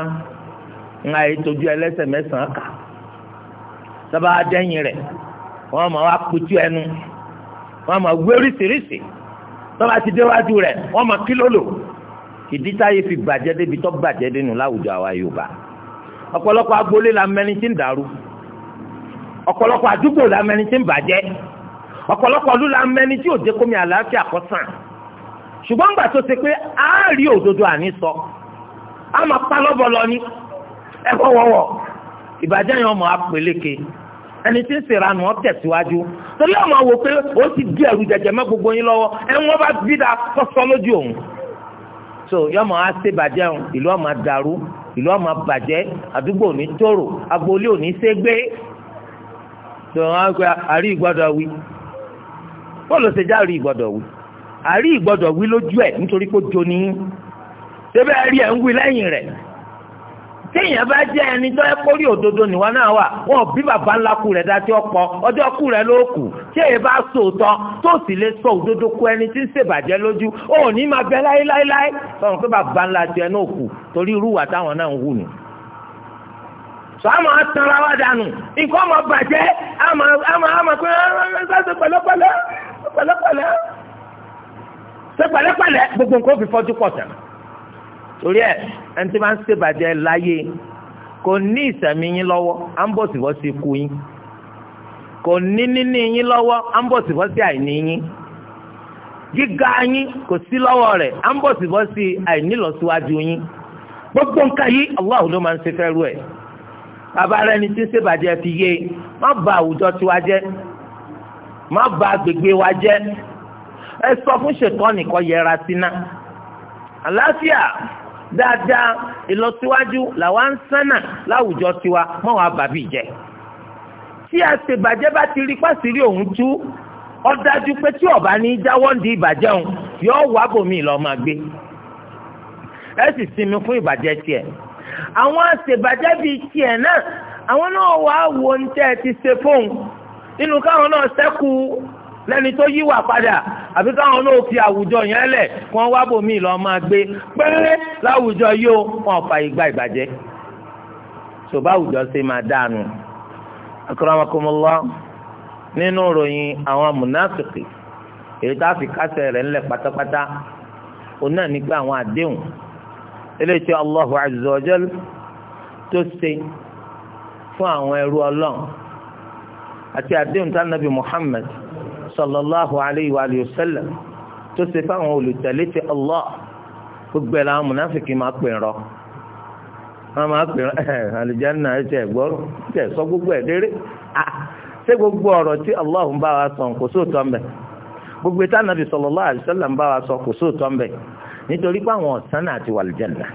ń àyè tójú ẹlẹ́sẹ̀ mẹ́sàn-án kà sábà dẹ́yìn rẹ̀ wọ́n máa wá kutu ẹnu wọ́n máa wé oríṣiríṣi sábà ti déwájú rẹ̀ wọ́n máa kí lólò ìdí táyé fi bàjẹ́ débi tó bàjẹ́ dénú láwùjọ àwa Yorùbá ọ̀pọ̀lọpọ̀ agboolé la mẹ́ni tí ń dàrú ọ̀pọ̀lọpọ̀ àdúgbò la mẹ́ni tí ń bàjẹ́ ọ̀pọ̀lọpọ̀ ọdún la mẹ́ni tí ò dé kómi àlàáfíà kọ́sàn ṣùgbọ́n ńgbà tó ṣe pé a rí òdodo àní sọ a máa pa lọ́bọ̀ ní ẹ̀fọ́ wọ̀wọ̀ ìbàjẹ́ yẹn ọmọ apẹ̀lẹ́kẹ̀ ẹni tí ń sèrànù ọ tẹ̀síwájú torí àwọn àwò pé ó ti di ẹ̀rù jẹjẹ mọ́ gbogbo yín lọ́wọ́ ẹ bá bí da sọ́sọ́ lójú òun. so yọmọ á ṣe bàjẹ́ ilu ìlú ọmọ dàrú ìlú ọmọ bàjẹ́ àdúgbò òní tòrò agboolé òní ṣégbé. tó wọn á gbé àrí ìgbọ́dọ̀ wí bọ́ọ̀lù ṣe já àrí ìgbọ́dọ̀ wí àrí ìgbọ́dọ̀ wí lójú ẹ̀ nítorí pé ó rí ẹ̀ ń wí lẹ́yìn rẹ̀ téèyàn bá jẹ́ ẹni tó ẹ kórìí òdodo nìwọ náà wà wọn ò bí bàbá ńlá kú rẹ̀ dá tí ó pọ̀ ọjọ́ kú rẹ̀ ló kù tí èyí bá sòótọ́ tó sì lè sọ òdodo ku ẹni tí ń ṣèbàjẹ́ lójú ó ní máa bẹ láéláéláé sọ̀rọ̀ pé bàbá ńlá tiẹ̀ náà kù torí irú wà táwọn náà ń wù nù sọ́mọ́ atanra wa dànù nǹkan ọmọ bàjẹ́ àmọ́ àmọ́ àmọ́ pé ṣe pẹ̀lẹ́pẹ̀lẹ́ ṣe pẹ̀lẹ́pẹ̀lẹ́ gbogbo nǹkan ó fi fọ́jú pọ̀ tẹ̀lé. torí ẹ ẹni tí máa ń ṣèbàjẹ́ láyé kò ní ìsẹ̀mí yín lọ́wọ́ à ń bọ̀ síbọ̀ sí ikú yín kò ní níní yín lọ́wọ́ ń bọ̀ àìní yín gíga yín kò sí lọ́wọ́ rẹ̀ à ń bọ̀ síbọ̀ sí àìnílọsíwájú yín gbogbo nǹkan yìí ló ṣe fẹ́rù fi yé má ba àwùjọ tiwa má ba agbègbè wa ẹ sọ fún ṣètọ́ nìkan yẹra sí náà dáadáa ìlọsíwájú làwa ń sánà láwùjọ tiwa mọ́ wàá bàbí jẹ tí àṣebàjẹ́ bá ti rí pàṣírí òun tú ó dájú pé tí ọba ní jáwọ́ ń di ìbàjẹ́ òun yóò wá bòmí lọ́ọ́ máa gbé ẹ sì sinmi fún ìbàjẹ́ tiẹ̀ àwọn àṣebàjẹ́ bíi tiẹ̀ náà àwọn náà wàá wo ní tẹ́ ẹ ti ṣe fóun nínú káwọn náà ṣẹ́kù lẹ́ni tó yíwà padà àbí káwọn náà fi àwùjọ yẹn lẹ̀ kí wọ́n wá bòmí lọ́ọ́ máa gbé pẹ́ẹ́rẹ́ láwùjọ yóò wọn fà ìgbà ìbàjẹ́ ṣùgbọ́n àwùjọ ṣe máa dáanu akramakumullah nínú ìròyìn àwọn amúnáfìkì èyí tá a fi kásẹ̀ rẹ̀ ńlẹ̀ pátápátá òun náà nígbà àwọn àdéhùn eléyìí tí Allahu azza wa jal tó ṣe fún àwọn ẹrú Ọlọ́run àti àdéhùn tá Nabi Muhammad sallallahu alayhi wa sallam tó ṣe fáwọn olùtẹ̀lé ti Allah gbogbo ẹ̀ làwọn mùnáfìkì máa pè rọ wọn máa pè rọ ẹ àlùjáná ẹ tẹ gbọrọ tẹ sọ gbogbo ẹ déré ah, ṣé gbogbo ọ̀rọ̀ tí Allah ń bá wa sọ kò sóòtọ́ ń bẹ̀ gbogbo ìta nàbì sallallahu alayhi wa ń bá wa sọ kò sóòtọ́ ń bẹ̀ nítorí pé ọ̀sán náà ti wà àlùjáná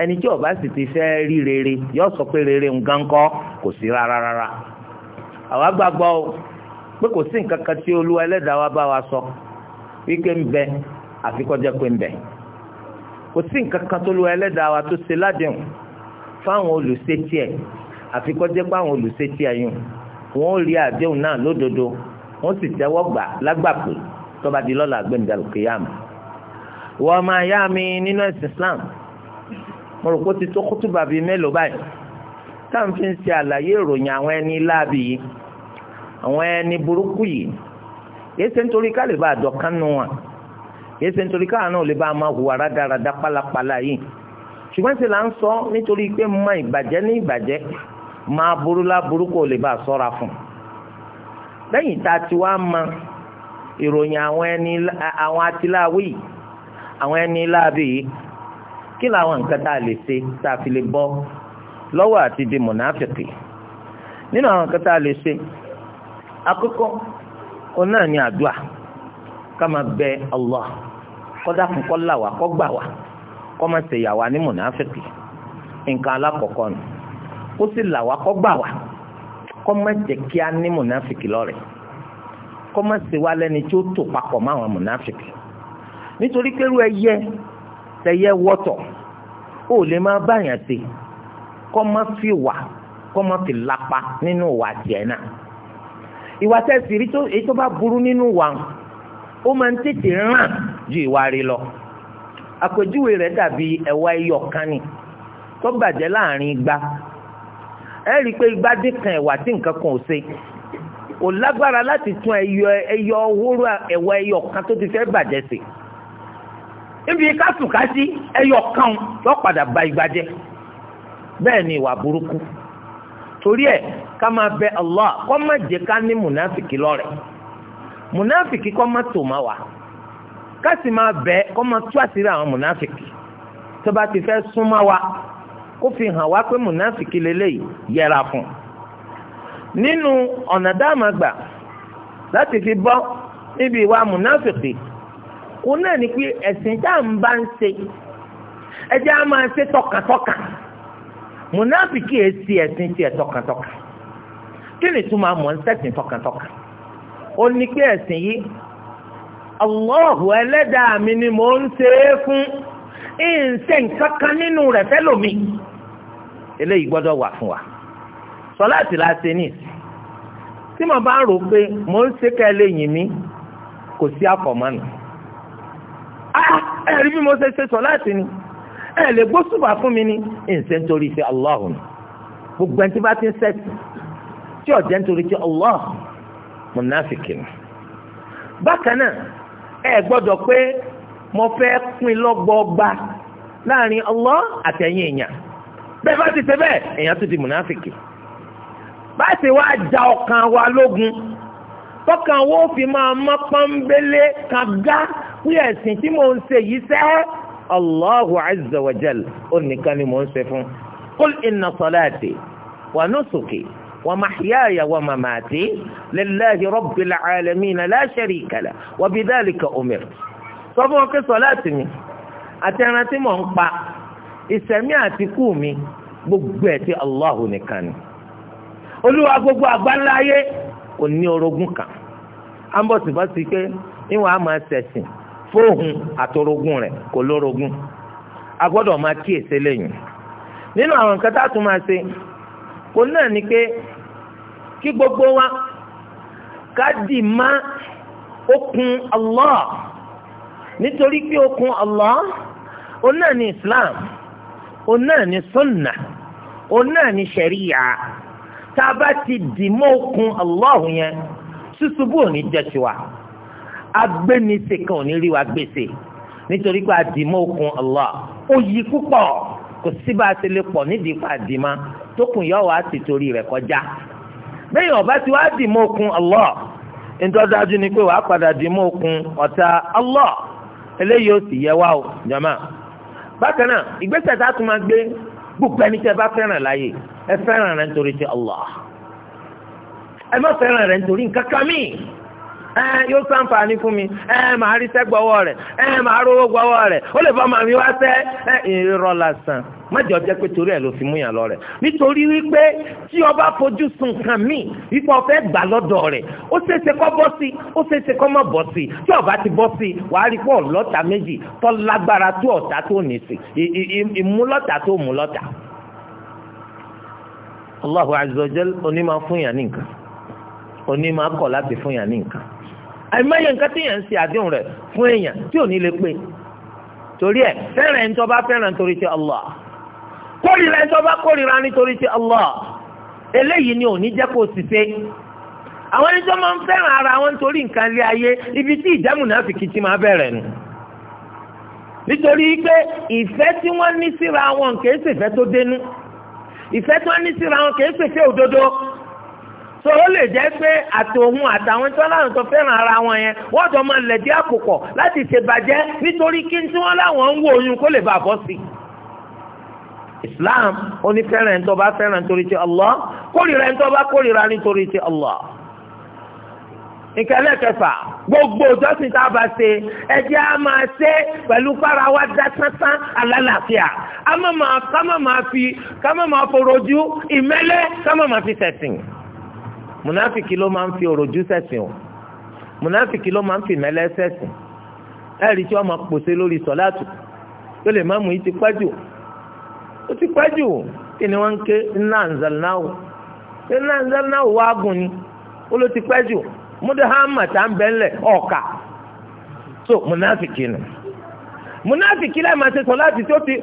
ẹni tí ó sì ti fẹ́ rí rere yóò sọ pé rere ń gánkọ́ kò sí rárá àwa gbàgbọ́ pé kò sí nǹkan kan tí olúwa ẹlẹ́dàá wa bá wa sọ wípé ń bẹ àfi kó jẹ́ pé ń bẹ kò sí nǹkan kan tó olúwa ẹlẹ́dàá wa tó ṣe ládìhùn fáwọn olùṣètì ẹ̀ àfi kó jẹ́ pé àwọn olùṣètì ẹ̀ yùn wọ́n rí àdéhùn náà lódodo wọ́n sì tẹ́wọ́ gbà lágbàpè tó di lọ́la gbẹ̀ndàlùkìyàmù wọ́n máa yá mi nínú ẹ̀sìn Islam mo rò pé ti tó kútùbà bíi mélòó báyìí táwọn fi ń ṣe àlàyé ìròyìn àwọn ẹni láàbì yìí àwọn ẹni burúkú yìí yéé nítorí ká lè bá àdọ̀kán nu wọn nítorí náà lè bá máa hùwà rádaràda pálapàla yìí ṣùgbọ́n ṣe là ń sọ nítorí pé mọ ìbàjẹ́ ní ìbàjẹ́ máa burú láburú lè bá sọ́ra fún lẹ́yìn tá a ti wá mọ ìròyìn àwọn ẹni àwọn atiláwí àwọn ẹni àkọ́kọ́ òun náà ni àdúà ká máa bẹ Allah kọ́dà fún kọ́là wa kọ́ gbà wa kọ́ máa ṣe yàwá ní mùnàfíkì nǹkan alákọ̀ọ́kọ́ nù kó sì là wá kọ́ gbà wá kọ́ má jẹ́ kí á ní mùnàfíkì lọ́rẹ̀ kọ́ má ṣe wá lẹ́ni tí ó tò papọ̀ mọ́ àwọn mùnàfíkì nítorí pẹ̀lú ẹyẹ tẹyẹ wọ́tọ̀ ó lè máa báyàn ṣe kọ́ má fi wà kọ́ má fi lapa nínú ìwà tiẹ̀ náà ìwà tẹ̀sí rí tó èyí tó bá burú nínú wa ó máa ń tètè ràn ju ìwà rí lọ àpèjúwe rẹ̀ dàbí ẹ̀wà ẹyọ kan ni tó bàjẹ́ láàrin igba ẹ rí i pé igba dín ẹ̀wà tí nǹkan kan ò ṣe kò lágbára láti tún ẹyọ ẹyọ wóró ẹ̀wà ẹyọ kan tó ti fẹ́ bàjẹ́ sí níbi kásùkásí ẹyọ kan lọ padà ba igba jẹ́ bẹ́ẹ̀ ni ìwà burúkú torí ẹ̀ kama bɛ bẹ Allah kọ́ má jẹ́ ká ní munafiki lọ́rẹ̀ mùnáfìkì kọ́ má ma má wá ká sì máa bẹ kọ́ máa tú àṣírí àwọn ti fẹ́ súnmọ́ wa kó fi hàn wá pé munafiki lélẹ́yìí yẹra fún nínú ọ̀nà dáàmà láti fi bọ́ níbi ìwà munafiki òun náà ni pé ẹ̀sìn tá à ń bá ń ṣe ẹjẹ́ á máa ṣe tọkàntọkàn mùnáfìkì èsì ẹ̀sìn tiẹ̀ kí ni túmọ̀ àmọ́ ń sẹ́sìn tọkàntọkàn ó ní pé ẹ̀sìn yìí Allahu ẹlẹ́dàá mi ni mò ń ṣe é fún ìǹṣẹ́ nǹkan kan nínú rẹ̀ fẹ́lòmí eléyìí gbọ́dọ̀ wà fún wa sọláàtì la ṣe ní tí mo bá ń rò pé mò ń ṣe ká lẹ́yìn mi kò sí àfọ̀mọ́nù ah, ẹ̀rí bí mo ṣe ṣe sọláàtì ni ẹ̀ lè gbósùbà fún mi ní ìǹṣẹ́ nítorí ṣe Allahu gbogbo ẹni tí bá ti ń sẹ́sìn tí ọ̀jẹ̀ nítorí tí Allah munafiki bakana bákan náà ẹ gbọ́dọ̀ pé mo fẹ́ pín lọ́gbọ́gba láàrin Allah àtẹ̀yìn èèyàn bẹ́ẹ̀ bá ti ṣe bẹ́ẹ̀ èèyàn tún di munafiki bá sì wá ja ọkàn wa lógun tọkàn wo fi máa mọ pọ́nbélé kàgá wí ẹ̀sìn tí mò ń ṣe yìí sẹ́ Allahu azza ó nìkan ni mò ń ṣe fún qul inna salati wa nusuki. ومحياي ومماتي لله رب العالمين لا شريك له وبذلك أمرت sọfún ọkẹ sọláàtì mi àti ẹran tí الله نكاني pa ìsẹ̀mí àtikú mi gbogbo ẹ̀ tí Allahu nìkan ni olúwa gbogbo àgbáńlá ayé kò ní orogún kan ambọ̀sibọ́sí pé níwọ̀n a máa ṣẹ̀sìn fóòhùn àtorogún rẹ̀ kò lórogún a gbọ́dọ̀ máa kíyèsí lẹ́yìn nínú àwọn nǹkan tá a tún máa ṣe kò náà ni pé kí gbogbo wa ká dì má okùn Allah nítorí pé okùn Allah òun náà ni Islam òun náà ni sunna òun náà ni sharia tá a bá ti dì mọ́ okùn Allah yẹn ṣùṣubú ò ní jẹ́ tiwa agbẹ́nisẹ̀ kan ò ní rí wa gbèsè nítorí pé àdìmọ́ okùn Allah ó yí púpọ̀ kò sí lè pọ̀ nídìí pa àdìmọ́ tó kùn yọ̀ wá sí torí rẹ̀ kọjá bẹ́ẹ̀ ọba tí wàá dì mọ́ okun Allah ntọ́jájú ni pé wàá padà dì mọ́ okun Allah eléyìí ó sì yẹ wá o jama bákan náà ìgbésẹ̀ tá a tún máa gbé gbogbo ẹni tẹ́ bá fẹ́ràn láàyè ẹ fẹ́ràn Allah ẹ má fẹ́ràn rẹ̀ nítorí nǹkan kan yóò sàǹfààní fún mi màá rí sẹ́ gbọ́wọ́ rẹ̀ màá rówó gbọ́wọ́ rẹ̀ ó lè fọ́ màmí wá sẹ́ irọ́ lásán májọ jẹ́ pé torí ẹ̀ ló fi mú yàn lọ rẹ̀ nítorí wípé tí o bá fojú sun kan míì wípé o fẹ́ gbà lọ́dọ̀ rẹ̀ ó ṣeéṣe kó bọ́ sí ó ṣeéṣe kó má bọ́ sí tí o bá ti bọ́ sí wàá rí pé ọlọ́ta méjì tó lágbára tó ọ̀tá tó ní sí ìmúlọ́ta tó múlọ́ta. Allahu azza wa jal oní máa fún yàn ní nǹkan oní máa láti fún yàn ní nǹkan àìmọye nǹkan tí yẹn ń ṣe àdéhùn rẹ̀ fún èèyàn tí ò ní lè pé torí ẹ̀ fẹ́ràn ẹni tó bá fẹ́ràn torí ti Allah kórìíra ẹni tó bá kórìíra nítorí ti Allah eléyìí ni ò ní jẹ́ kó sì ṣe àwọn ẹni tó máa ń fẹ́ràn ara wọn nítorí nǹkan lé ayé ibi tí ìjámùnà fi kìtì máa bẹ̀rẹ̀ nù nítorí pé ìfẹ́ tí wọ́n ní síra wọn kì í ṣèfẹ́ tó dénú ìfẹ́ tí wọ́n ní síra wọn kì í ṣèfẹ́ òdodo so o lè jẹ́ pé àtòhun àtàwọn tí láwọn tó fẹ́ràn ara wọn yẹn wọ́n jọ máa lẹ̀dí àpòpọ̀ láti ṣèbàjẹ́ nítorí kí tí wọ́n láwọn ń wo oyún kó lè bá bọ́ sí i. Islam onífẹ́ràn ẹni tó bá fẹ́ràn nítorí ti Allah kórìíra ẹni tó bá kórìíra nítorí ti gbogbo ìjọsìn tá a bá ṣe ẹjẹ a máa ṣe pẹ̀lú fara wa dá sánsán alálàáfíà a má fi máa forojú máa fi munafiki ló máa ń fi òròjú ṣẹ̀sìn o munafiki ló máa ń fi mẹ́lẹ́ ṣẹ̀sìn ẹ̀rí tí wọ́n máa pòṣe lórí sọ́láàtù tó lè má mú yìí ti pẹ́jù ó ti pẹ́jù kí ni wọ́n ń ké ńlá ǹzẹ̀lnáwó ńlá ǹzẹ̀lnáwó wá gùn ni ó ló ti pẹ́jù múdàhámà tá ń bẹ́ńlẹ̀ ọ̀kà so munafiki nù munafiki láì máa ṣe sọ́láàtù tó ti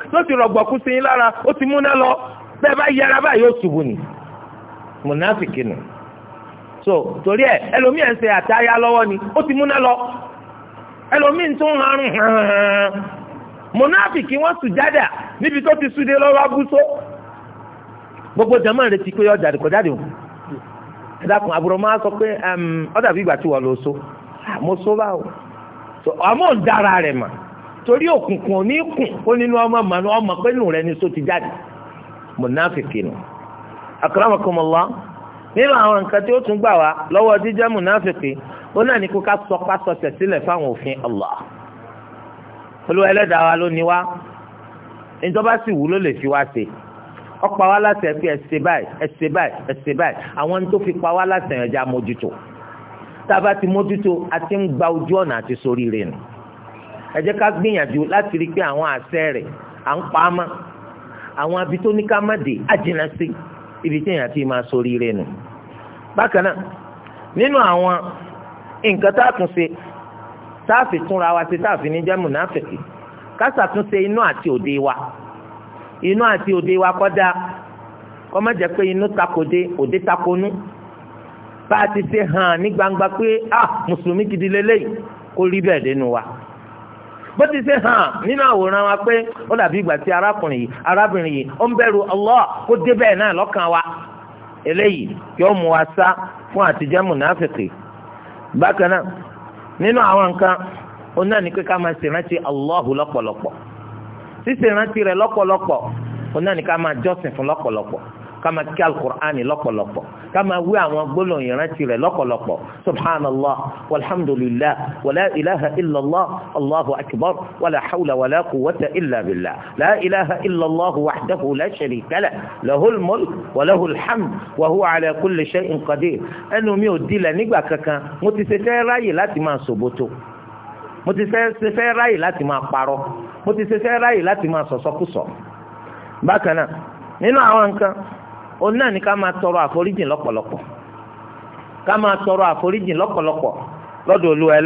rọ̀gbọ̀kú sí yín lára ó ti múná lọ bẹ́ẹ̀ bá yára báyìí ó ṣubú ni munafiki nù. so torí ẹ ẹlòmíì ń ṣe àtayá lọwọ ni ó ti múná lọ ẹlòmíì tó ń harun hàn mọ̀nàfìkì wọ́n sùn jáde níbi tó ti súde lọ́wọ́ abúso gbogbo jama retí pé ọjà àdìkọ̀ jáde o ẹ dákun àbúrò máa sọ pé ọ̀dà bí ìgbà tí wọ́n lọ so àmọ́ so báwo àmọ́ ń dára rẹ̀ mà torí òkùnkùn òní kùn ó nínú ọmọ màánú ọmọ pé nù rẹ ni so ti jáde mọ̀nàfìkì nù akramakumullah. nínú àwọn nǹkan tí ó tún gbà wá lọ́wọ́ jíjẹ́ múnáfìkì ó náà ní kó ká sọ ká sọtẹ̀ fáwọn òfin Allah olúwa ẹlẹ́dàá wa ló ní wá ìjọba sì wú ló lè fi wá ṣe ó pa wá láṣẹ pé ẹ ṣe báyìí ẹ ṣe báyìí ẹ ṣe báyìí àwọn tó fi pa wá láṣẹ ẹ̀já mójútó tá a bá ti mójútó a ti ń gba ojú ọ̀nà àti sórí rẹ̀ nù ẹ jẹ́ ká gbìyànjú láti rí pé àwọn àṣẹ rẹ̀ à ń pa á mọ́ àwọn abitó ní ká ibi tí èèyàn ti máa sórí rẹ̀ nù. bákan náà nínú àwọn nǹkan tá a tún ṣe tá a fi túnra wa ṣe tá a fi ní jẹ́ mùnáfìkì ká ṣàtúnṣe inú àti òde wa inú àti òde wa kọ́ dáa kọ́ má jẹ́ pé inú takòde òde takonú bá a ti ṣe hàn ní gbangba pé ah mùsùlùmí gidi lélẹ́yìí kó rí bẹ́ẹ̀ dénú wa bó ti ṣe hàn nínú àwòrán wa pé ó dàbí ìgbà tí arákùnrin yìí arábìnrin yìí ó ń bẹ̀rù Allah kó dé bẹ́ẹ̀ náà lọ́kàn wa eléyìí yóò mú wa sá fún àtijọ́ mùnáfìkì bákan náà nínú àwọn nǹkan ó náà ní pé ká máa ṣèrántí Allah lọ́pọ̀lọpọ̀ ṣíṣèrántí rẹ̀ lọ́pọ̀lọpọ̀ ó náà ní ká máa jọ́sìn fún lọ́pọ̀lọpọ̀ ká máa kí alukur'ani lọ́pọ̀lọpọ̀ ká máa wí àwọn gbólóhùn ìrántí rẹ̀ lọ́pọ̀lọpọ̀ subhanallah walhamdulillah wàlá ilaha illallah allahu akbar wàlá hawla wàlá quwwata illa billah la ilaha illallah wàhdahu la sharika lah lahul mulk walahul hamd wa huwa ala kulli shay'in qadir ẹnu mi ò dilẹ̀ nígbà kankan mo ti ṣe fẹ́ ráyè láti máa ṣòbótó mo ti ṣe fẹ́ ráyè láti máa parọ́ mo ti ṣe fẹ́ ráyè láti máa sọ̀sọ́kùsọ̀ bákan náà nínú àwọn nǹkan òun náà ni ká máa tọrọ àforíjìn lọ́pọ̀lọpọ̀ ká máa tọrọ àforíjìn lọ́pọ̀lọpọ̀ lọ́dọ̀ wa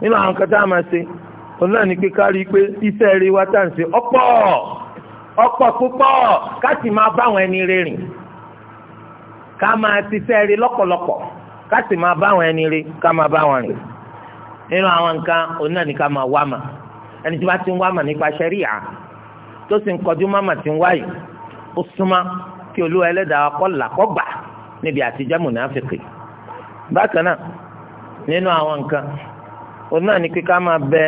nínú àwọn a máa ṣe òun náà ni pé ká rí i pé iṣẹ́ rí wa tá à ń ṣe ọ̀pọ̀ ọ̀pọ̀ púpọ̀ ká sì máa bá àwọn ẹni rí rìn ká máa ṣiṣẹ́ rí lọ́pọ̀lọpọ̀ ká sì máa bá àwọn ẹni rí ká máa bá wọn rìn nínú àwọn nǹkan ni ká máa wá mà kí olúwa ẹlẹ́dàá kọ́là kọ́gbà níbi àtijọ́ mùnàfíkì bákan náà nínú àwọn nǹkan òun náà ní kíkà máa bẹ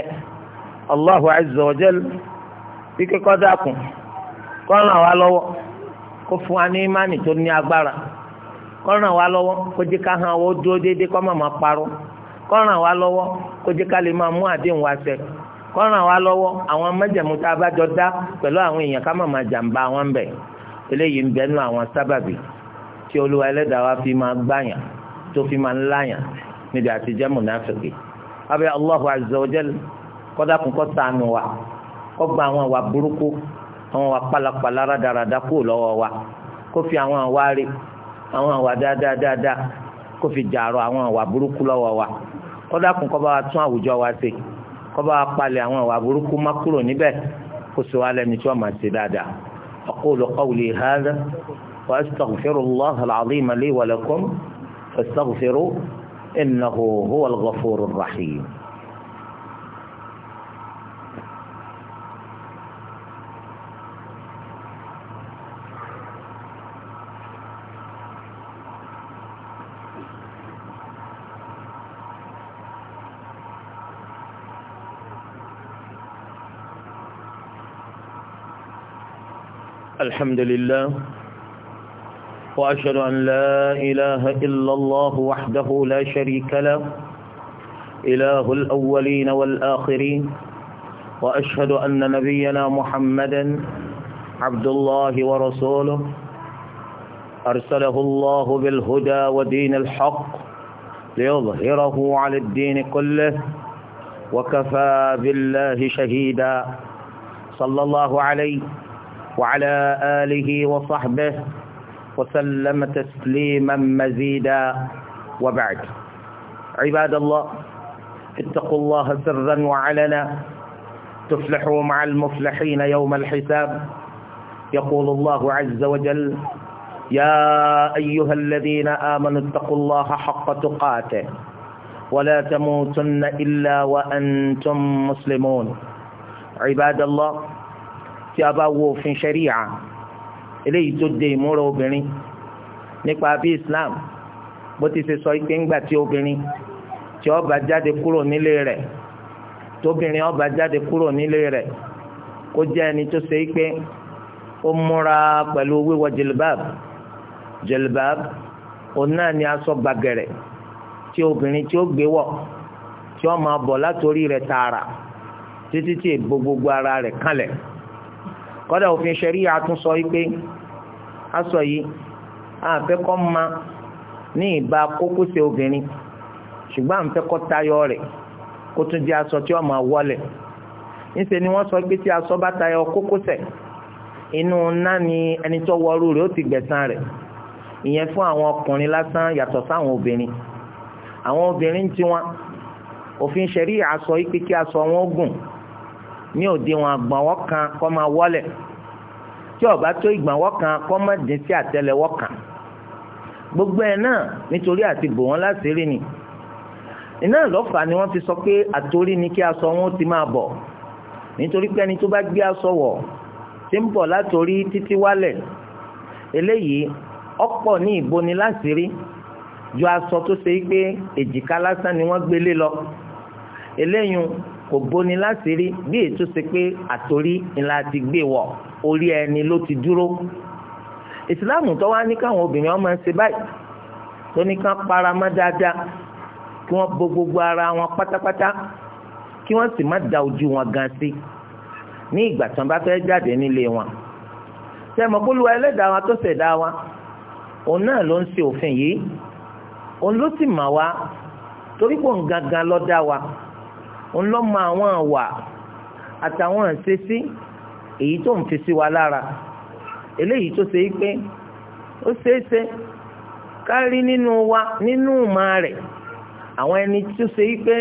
Allahu azza wa jal bí kíkọ́ dákun kó ràn wá lọ́wọ́ kó fún wa ní ìmánì tó ní agbára ràn wá lọ́wọ́ kó jẹ́ ká hàn wọ́n dúró déédéé máa parọ́ ràn eléyìí ń bẹnu àwọn sábàbí tí olúwa ẹlẹ́dàá wa fi máa gbàyàn tó fi máa ń láyàn níbi àtijọ́ mùnáfìkì abẹ́ Allahu azza wa jal kọ́dákùn kọ́ ṣàánú wa kọ́ gba àwọn àwa burúkú àwọn àwa pálapàla rádaràda kúrò lọ́wọ́ wa kó fi àwọn àwa rí àwọn àwa dáadáa kó fi jàrọ̀ àwọn àwa burúkú lọ́wọ́ wa kọ́dákùn kọ́ bá wa tún àwùjọ wa ṣe kọ́ bá wa palẹ̀ àwọn àwa burúkú má kúrò níbẹ̀ kó sọ wa lẹ́ni tí wọ́n máa ṣe dáadáa. أقول قولي هذا وأستغفر الله العظيم لي ولكم فاستغفروا إنه هو الغفور الرحيم الحمد لله وأشهد أن لا إله إلا الله وحده لا شريك له إله الأولين والآخرين وأشهد أن نبينا محمدا عبد الله ورسوله أرسله الله بالهدى ودين الحق ليظهره على الدين كله وكفى بالله شهيدا صلى الله عليه وسلم وعلى آله وصحبه وسلم تسليما مزيدا وبعد عباد الله اتقوا الله سرا وعلنا تفلحوا مع المفلحين يوم الحساب يقول الله عز وجل يا أيها الذين آمنوا اتقوا الله حق تقاته ولا تموتن إلا وأنتم مسلمون عباد الله tí a bá wo òfin ṣẹ́ríà eléyìí tó de ìmúra obìnrin nípa bí Islam bó ti ṣe sọ pé ńgbà tí obìnrin tí ó bá jáde kúrò nílé rẹ̀ tóbìnrin ó bá jáde kúrò nílé rẹ̀ kó jẹ́ ẹni tó ṣe pé ó múra pẹ̀lú wíwọ̀ jilbab jilbab òun náà ni aṣọ gbàgẹ̀rẹ̀ tí obìnrin tí ó gbé wọ̀ tí ó máa bọ̀ látòrí rẹ̀ tààrà títí tí èbó ara rẹ̀ kanlẹ̀ kọ́dà òfin ṣẹ̀ríyà tún sọ wípé aṣọ yìí àfẹ́kọ́ ma ní ìbá kókósẹ̀ obìnrin ṣùgbọ́n àfẹ́kọ́ tayọ rẹ̀ kó tún jẹ́ aṣọ tí wọ́n máa wọlẹ̀ níṣẹ́ ni wọ́n sọ pé tí aṣọ bá tayọ kókósẹ̀ inú ná ni ẹni tó wọrú rẹ̀ ó ti gbẹ̀san rẹ̀ ìyẹn fún àwọn ọkùnrin lásán yàtọ̀ sáwọn obìnrin àwọn obìnrin tiwọn òfin ṣẹ̀ríyà sọ wípé kí aṣọ wọn gùn ní òdiwọ̀n àgbọ̀nwọ́ kan kó máa wọlẹ̀ tí ó bá tó ìgbọ̀nwọ́ kan kó máa dín sí àtẹlẹwọ́ kan gbogbo ẹ̀ náà nítorí àti bò wọ́n láṣìírí ni iná ìlọ́fà ni wọ́n ti sọ pé àtòrí ni kí aṣọ wọn ti máa bọ̀ nítorí pé ẹni tó bá gbé aṣọ wọ̀ ti ń bọ̀ látòrí títí wálẹ̀ eléyìí ọ̀pọ̀ ní ìboni láṣìírí ju aṣọ tó ṣe é gbé èjìká lásán ni wọ́n gbélé lọ eléyìí kò bóni láti rí bí ètò ṣe pé àtòrí ńlá ti gbé wọ̀ orí ẹni ló ti dúró ìsìláàmù tó wá ní káwọn obìnrin ọmọ ṣe báyìí tó ní ká para mọ́ dáadáa kí wọ́n bo gbogbo ara wọn pátápátá kí wọ́n sì má da ojú wọn gan sí ní ìgbà tí wọ́n bá fẹ́ jáde nílé wọn sẹ́mọ̀ kólúwa ẹlẹ́dàá wa tó ṣẹ̀dá wa òun náà ló ń ṣe òfin yìí òun ló sì mà wá torí pò ń gangan ló dá wa òun ló mọ àwọn àwà àtàwọn àṣesí èyí tó ń fi sí wa lára eléyìí tó ṣe é pé ó ṣeéṣe ká rí nínú wa nínú ìmọ̀ rẹ̀ àwọn ẹni tó ṣe é pé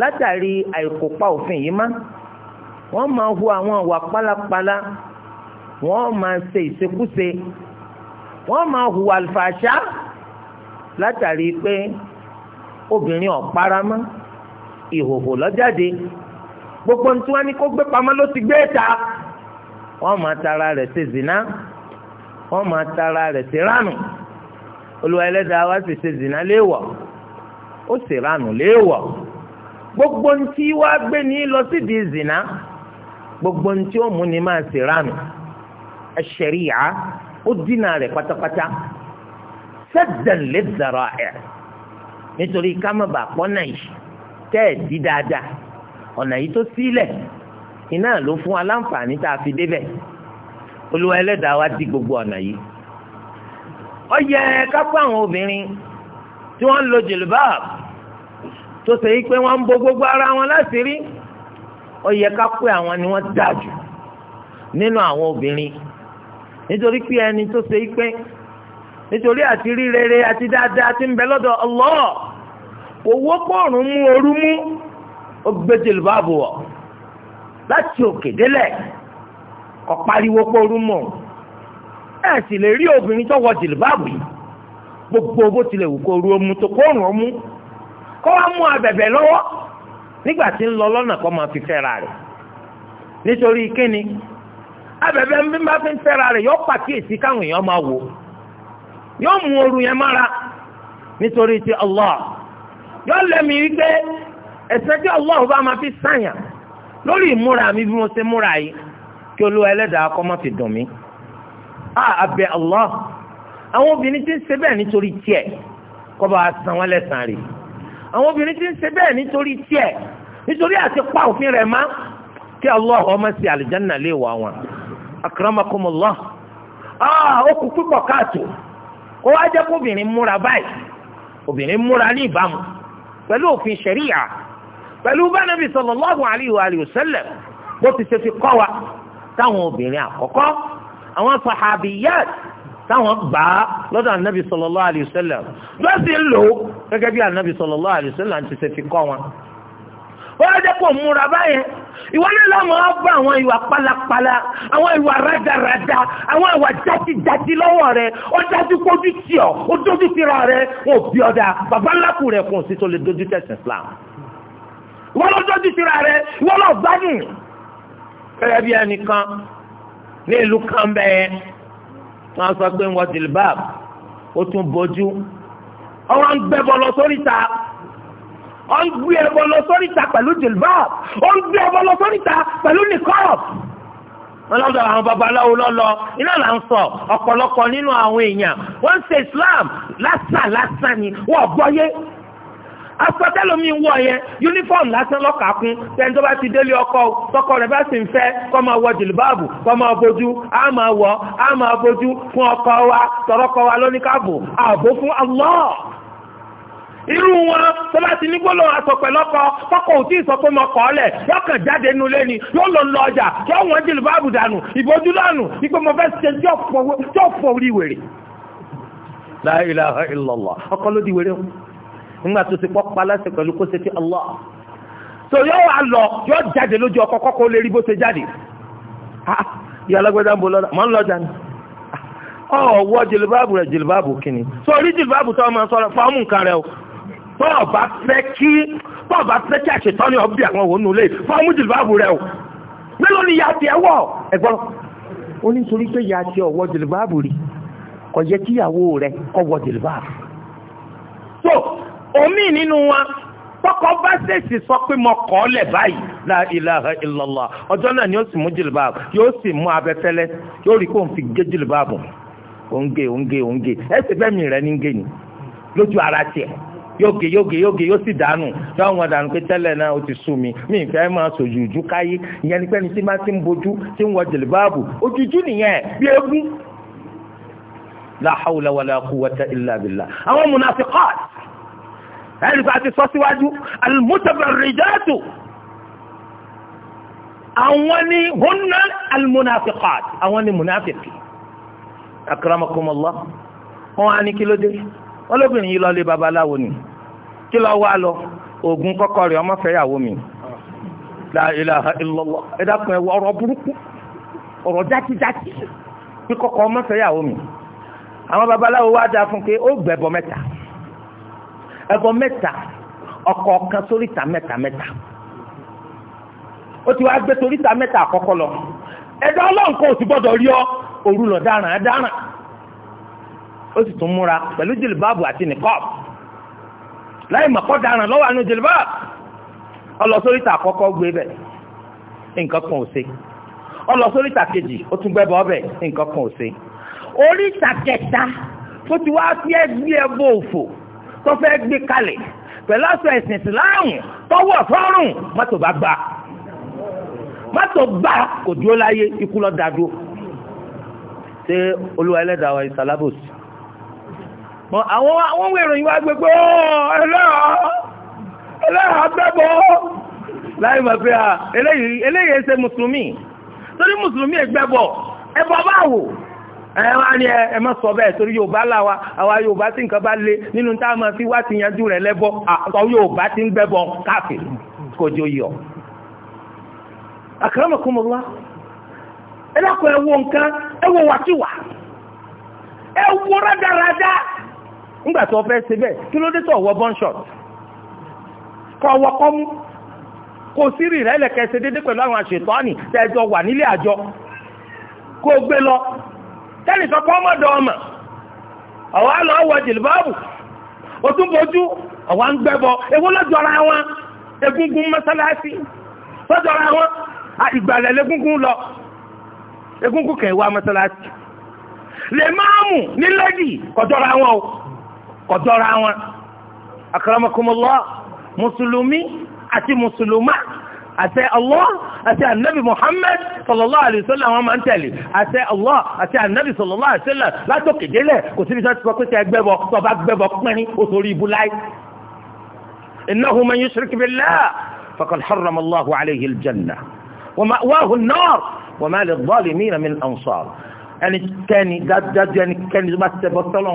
látàrí àìkópa òfin yìí má wọ́n máa hu àwọn àwà pálapàla wọ́n máa ṣe ìṣekúṣe wọ́n máa hu àlùfàṣà látàrí pé obìnrin ọ̀pára mọ́ ìhòhò lọ́jáde gbogbo ntí wọn ni kó gbé pamọ́ ló ti gbé ta wọ́n máa tara rẹ̀ ṣe zina wọ́n máa tara rẹ̀ ṣe ránù olùwà ẹlẹ́dàá wa sì ṣe zina léèwọ̀ ó sì ránù léèwọ̀ gbogbo ntí wa gbé ní lọ sídìí zina gbogbo ntí ó mú ni máa ṣe ránù ẹ̀ṣẹ̀ríyà ó dínà rẹ̀ pátápátá sẹ́dẹ̀n lè zara ẹ̀ nítorí ká má bàa pọ́n náà yìí. tẹ́ ẹ̀ dí dáadáa ọ̀nà yìí tó sílẹ̀ iná ló fún wa láǹfààní tá a fi débẹ̀ olúwa ẹlẹ́dàá wa dí gbogbo ọ̀nà yìí ó yẹ ká fún àwọn obìnrin tí wọ́n ń lo jìlbáàbù tó ṣe yí pé wọ́n ń bo gbogbo ara wọn láti rí ó yẹ ká pé àwọn ni wọ́n dà jù nínú àwọn obìnrin nítorí pé ẹni tó ṣe yí pé nítorí àti rí rere àti dáadáa ti ń bẹ lọ́dọ̀ Allah owó pọ̀rùn mú orú mú ó gbé jìlbáàbù wọ̀ láti òkè délẹ̀ kò pariwo pé mọ̀ ẹ̀ sì lè rí obìnrin tó yìí gbogbo bó tilẹ̀ wù kó orú omu tó kó ọmú kó nigbati mú abẹ̀bẹ̀ lọ́wọ́ nígbà tí ń lọ lọ́nà máa fi fẹ́ra rẹ̀ nítorí kíni abẹ̀bẹ̀ ń bí bá fi ń fẹ́ra rẹ̀ yọ pàkíyèsí káwọn èèyàn máa wò yọ mú orú yẹn mára nítorí yọ lẹ́mi wípé ẹ̀sẹ̀ tí Allah bá máa fi sàyàn lórí ìmúra mi bí mo ṣe múra yìí kí olúwa ẹlẹ́dàá kọ́ má fi dùn mí. a abẹ Allah àwọn obìnrin ti ń ṣe bẹ́ẹ̀ nítorí tiẹ̀ kọ́ bá san wọ́n lẹ́sàn-án rè àwọn obìnrin ti ń ṣe bẹ́ẹ̀ nítorí tiẹ̀ nítorí àti pa òfin rẹ̀ má kí Allah ọmọ sí àlìjánná lè wà wọn akramakumullah ah ó kú pípọ̀ káàtó kó wá jẹ́ kó obìnrin múra báyìí obìnrin múra ní ìbámu. pẹ̀lú òfin ṣẹ̀ríyà pẹ̀lú bánàbí sallallahu alayhi wa alihi wa sallam bó ti ṣe fi kọ́ wa táwọn obìnrin àkọ́kọ́ àwọn sahabiyat táwọn gbà á lọ́dọ̀ ànábì sallallahu alayhi wa sallam lọ́sìn lò gẹ́gẹ́ bí ànábì sallallahu alayhi ti ṣe fi kọ́ wọn wọ́n á jẹ́ kó múra báyẹn ìwọ náà lọ́mọ á bá àwọn ìwà pálapàla àwọn ìwà rádaràda àwọn ìwà jájíjájí lọ́wọ́ rẹ ó dájú kójú tì ọ́ ó dójú tìra rẹ ó bí ọ̀dà bàbá ńlá kù rẹ̀ kùn sí tó lè dójú tẹ̀sán Islam ìwọ lọ dójú tìra rẹ ìwọ lọ gbádùn gẹ́gẹ́ bí ẹnìkan ní ìlú kan bẹ́ẹ̀ wọ́n sọ pé wọ́n jìlbáàbù ó tún bójú ọwọ́ ń gbẹ́bọ̀ lọ sóríta ó ń gbé ẹbọ lọ sóríta pẹ̀lú jilbab ó ń gbé ẹbọ lọ sóríta pẹ̀lú nìkọ́ọ̀bù ọlọ́dọ̀ àwọn babaláwo lọ́lọ́ iná là ń sọ ọ̀pọ̀lọpọ̀ nínú àwọn èèyàn wọ́n ń ṣe Islam lásán lásán ni wọ́n gbọ́yé asọtẹlomi wọ yẹn uniform lásán lọ́kàkún tẹ́ni bá ti délé ọkọ tọkọ rẹ̀ bá sì ń fẹ́ kọ́ máa wọ jìlbáàbù kọ́ máa bójú á máa wọ á máa fún ọkọ wa tọrọkọ wa lóníkàbò ààbò fún Allah irú wọn tó bá ti ní gbólò aṣọ pẹ̀lú ọkọ tọkọ ò tí ì sọ pé mo kọ́ lẹ̀ yọkàn jáde nulẹ̀ ni yóò lọ lọ ọjà yóò wọ́n jìlù báàbù dànù ìbòjú lánù ipò mo fẹ́ ṣe tí yóò fọ orí wèrè. La ilaha illallah ọkọ ló di wèrè nígbà tó ti pọ́ paláṣẹ pẹ̀lú kó ṣe ti Allah so yóò wá lọ yóò jáde lójú ọkọ kọ́kọ́ lè rí bó ṣe jáde ìyá alágbèdá ń bo lọ́dà mọ́ ń lọ́jà ni ọ̀wọ́ jìlìbáàbù rẹ̀ jìlìbáàbù kìíní so orí jìlìbáàbù tó ọmọ sọ̀rọ̀ fọ́ọ̀mù nǹkan rẹ̀ o bọ́ọ̀bá fẹ́ kí bọ́ọ̀bá fẹ́ kí àṣetọ́ ní ọbí àwọn òun nulẹ̀ fọ́ọ̀mù jìlbáàbù rẹ o mélòó ni yàtì ẹ wọ̀ ẹ̀gbọ́n ó ní torí pé yàtì ọ̀wọ́ jìlbáàbù rí kò yẹ kíyàwó rẹ kọ́ wọ jìlbáàbù. so omi nínú wa tọkọ bá ṣèṣì sọ pé mo kọ́ ọ lẹ̀ báyìí la ilaha illallah ọjọ́ náà ni ó sì mú jìlbáàbù yóò sì mú abẹ́fẹ́lẹ́ yóò rí kóun fi gé jìlbáàbù òǹgé yóò gé yóò gé yóò gé yóò sì dànù yóò àwọn dànù pé tẹ́lẹ̀ náà ó ti sú mi mi ìfẹ́ máa sojú ojú káyé ìyẹn ni pẹ́ni tí máa ti ń bojú tí ń wọ jìlìbáàbù ojújú nìyẹn bí egun la hawla wala quwwata illa billah àwọn munafiqat ẹni bá ti sọ síwájú almutabarrijatu àwọn ni hunna almunafiqat àwọn ni munafiqi akramakumullah wọn á ní kí ló dé wọn lóbìnrin yìí lọ lé babaláwo ni. kí lọ wá lọ oògùn kọ́kọ́ rẹ̀ ọmọ fẹ́yàwó mi la ìlọlọ illallah ẹwọ ọ̀rọ̀ burúkú ọ̀rọ̀ jákíjákí kí kọ́kọ́ ọmọ mi àwọn babaláwo wá dáa fún pé ó mẹ́ta ẹbọ ọkọ̀ kan mẹ́ta mẹ́ta ó ti wá gbé mẹ́ta àkọ́kọ́ lọ ẹ̀dá sì gbọ́dọ̀ rí ọ òru láì mọ̀kọ́ daràn lọ́wọ́ àánú jìlìbà ọlọ́sóríta àkọ́kọ́ gbé bẹ̀ nǹkan kan ò ṣe ọlọ́sóríta kejì ó tún gbẹ́bọ̀ ọbẹ̀ nǹkan kan ò ṣe oríta kẹta tó ti wá fi ẹgbẹ́ ẹbọ òfò tó fẹ́ gbé kalẹ̀ pẹ̀lú aṣọ ẹ̀sìn ìsìláàmù tọwọ́ fọ́rùn mọ́tò bá gbà mọ́tò gbà kò dúró láyé ikú lọ́ọ́ dá dúró ṣé olúwa ẹlẹ́dàá wa ìsàlábòsì àwọn wọ́n wèrò ìwà gbogbo ẹlẹ́àgbẹ́gbọ́ láì mọ̀ pé ah, eléyìí ṣe mùsùlùmí torí mùsùlùmí ẹgbẹ́bọ̀ ẹbọ báwò ẹwà ni ẹ sọ bẹ́ẹ̀ torí Yorùbá láwa àwa Yorùbá tí nǹkan bá lé nínú tá a máa wá ti yanjú rẹ̀ lẹ́bọ àtọ Yorùbá ńgbà tó fẹ́ ṣe bẹ́ẹ̀ kí ló dé tó ọwọ́ bọ́ńṣọ̀t kọ́ ọwọ́ kọ́ mú kò sí rì rẹ́ lẹ̀kẹ́ ṣe déédéé pẹ̀lú àwọn àṣetọ́ni tẹ́jọ wà nílé àjọ kó gbé lọ tẹ́lẹ̀ sọ pé ọmọdé ọmọ ọ̀wá lọ wọ jìlbáàbù ó tún bójú ọ̀wá ń gbẹ́bọ ewu lọ́jọ́ra wọn egungun mọ́sálásí lọ́jọ́ra wọn ìgbàlẹ̀ lẹ́gungun lọ egungun kẹwàá mọ́sálásí lè máàmù nílẹ́dì kọjọ́ra wọn o kọjọra wọn akaramakumọlọ mùsùlùmí àti mùsùlùmá àṣẹ Allah àṣẹ anabi Muhammad sallallahu alayhi wa sallam wọn máa ń tẹ̀lé àṣẹ Allah àṣẹ anabi sallallahu alayhi wa sallam látòkè délẹ̀ kò síbi sọ́ọ́ ti sọ pé tẹ gbẹ́bọ tó bá gbẹ́bọ pínrín ó torí ibu láì. innahu man yushrik billah faqad harrama Allahu alayhi al-jannah wa ma'wahu an-nar wa ma lidh-dhalimina min ansar ẹnikẹ́ni dájú ẹnikẹ́ni tó bá tẹ̀ bọ́ sọ́lọ́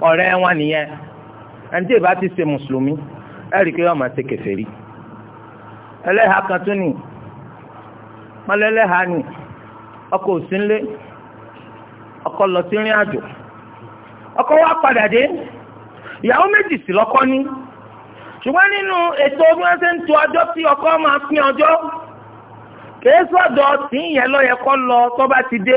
ọ̀rẹ́ wọn nìyẹn ẹni tí ìbá ti ṣe mùsùlùmí ẹ̀rí pé wọ́n máa ṣe kèfèrí ẹlẹ́hàá kan tún nì mọ́lẹ́lẹ́hàá nì ọkọ òsínlé ọkọ lọ sí rìn àjò ọkọ wa padà dé ìyàwó méjì sí lọ́kọ ní ṣùgbọ́n nínú ètò bí wọ́n ṣe ń tu ọjọ́ tí ọkọ máa pín ọjọ́ kèé sọ́dọ̀ tí ìyẹn lọ́yẹ lọ tó bá ti dé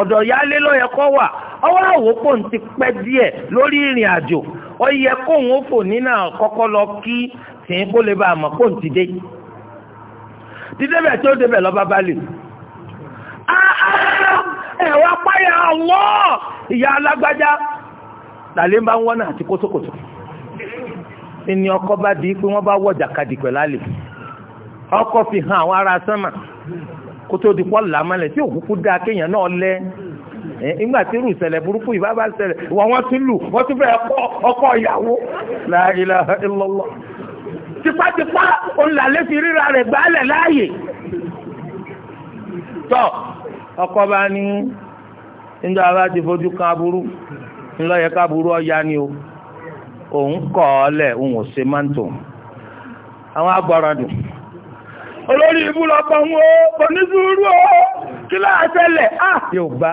ọ̀dọ̀ yálé lọ́yẹ wà ọwọ́ àwòpọ̀ ń ti pẹ́ díẹ̀ lórí ìrìn àjò ọ yẹ kóun ó fò nínà àkọ́kọ́ lọ kí tì í kó lè bá a mọ̀ kó ń ti dé tí ó débẹ̀ lọ́ba bá lè ẹ̀wà páyà ọ̀wọ́ ìyá alágbájá làlẹ́ ń bá wọ́n náà àti kótókòtò ni ọkọ bá di pé wọ́n bá wọ̀jà kadì pẹ̀lú àlè ọkọ̀ fi hàn àwọn ará sánmà kótó dipọ́ làmọ́lẹ̀ tí òkúkú dá kéèyàn náà lẹ́ ìgbà tí irú ìṣẹ̀lẹ̀ burúkú yìí bá bá ṣẹlẹ̀ wọ́n wọ́n ti lù wọ́n ti fẹ́ kọ́ ọkọ ìyàwó la ilaha illallah tipátipá òǹlàlẹ́ fi ríra rẹ̀ gbálẹ̀ láàyè tọ́ ọkọ bá ní níjọ́ abá ti fojú kan aburú ńlọ́yẹ káburú ọ̀ya ni o òun kọ̀ ọ́ lẹ̀ òun ò ṣe máa ń tò àwọn agbọ̀rọ̀ dùn olórí ibú lọ́pọ̀ ń wo onísùúrù o kí láàṣẹlẹ̀ ah yóò gbá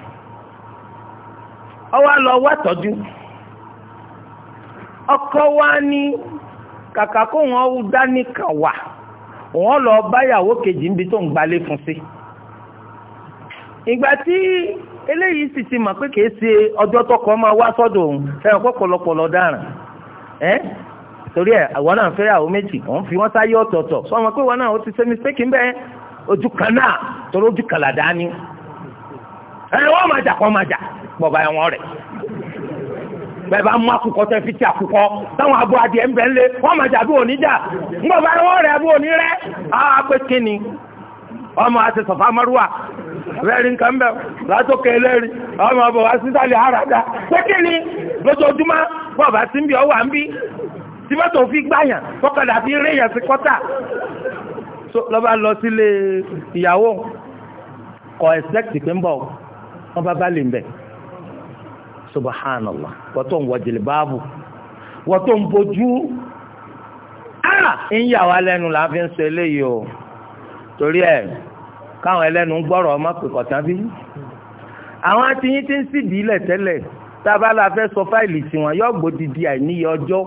ọwọ́ lọ wá tọ́jú ọkọ wa ní kàkà kó wọn dá ní wọn lọ báyàwó kejì níbi tó ń gbalé fún sí ìgbà tí eléyìí sì ti mọ̀ pé kìí ṣe ọjọ́ tọkọ máa wá sọ́dọ̀ òun fẹ́ràn lọ dáràn ẹ́ torí ẹ̀ àwọn náà fẹ́ àwọn méjì wọ́n fi wọ́n sáyé ọ̀tọ̀ọ̀tọ̀ sọ wọn pé wọn ti ṣe mistake ojú kan náà torí ojú ni máa jà kọ́ pọ̀ báyọ̀ wọn rẹ̀ bẹ́ẹ̀ bá mú akùkọ tẹ́ fi ti akùkọ táwọn abo adìẹ ń bẹ̀ ń lé wọ́n máa jàbí òní jà ńgbọ̀ báyọ̀ wọn rẹ̀ abú òní rẹ̀ àwọn apẹ́ kínni ọmọ àti sọ̀fà márùwà rẹ́rí nǹkan bẹ̀ látòkè lẹ́rí ọmọ ọbọ̀ wá sísàlẹ̀ àràdà pé kínni lójoojúmọ́ bọ́ọ̀bà sí ń bí ọwà ń bí fi gbàyàn kọ́kàdà fi réyàn sí kọ́tà lọ́ba lọ sílé ìyàwó kọ̀ ẹ̀sẹ̀kì pé ń bọ̀ wọ́n bá bá lè ń bẹ̀ subhanallah wọ́n tó ń wọ jìlìbáàbù wọ́n tó ń bojú ń yà wá lẹ́nu là á fi ń sọ eléyìí o torí ẹ̀ káwọn ẹlẹ́nu ń gbọ́rọ̀ ọmọ pẹ̀kọ̀ tábí àwọn atiyín ti ń sídìí ilẹ̀ tẹ́lẹ̀ tábà la fẹ́ sọ fáìlì tiwọn yọ gbòdìdí àìníye ọjọ́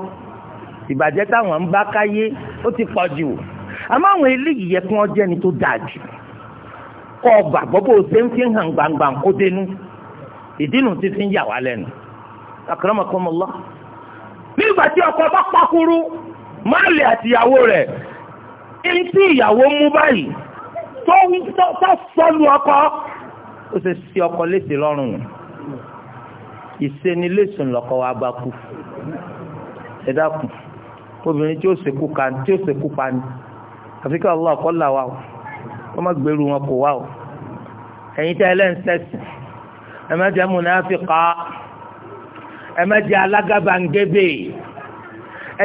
ìbàjẹ́ táwọn ń bá káyé ó ti pọ̀ jù àmọ́ àwọn eléyìí yẹ kí wọ́n jẹ́ni tó dáa jù kọ́ ọ gbàgbọ́ bó o ṣe ń fi hàn gbangba kó dénú ìdínú ti fi ń yà wá lẹ́nu akramakumullah nígbà tí ọkọ bá pakuru máàlì àtìyàwó rẹ̀ ẹni tí ìyàwó mú báyìí tó sọnù ọkọ ó ṣe sí ọkọ léṣe lọ́rùn ìṣeniléṣùn lọ́kọ wa bá kú ẹ dákun obìnrin tí ó ṣekú ka tí ó ṣekú pa ni àfi kí Allah kọ́ là wa o wọ́n má gbèrú wọn kò wá o ẹ̀yin tẹ́ ẹlẹ́ǹsẹ̀sìn ẹ má jẹ́ múnáfíkà ẹ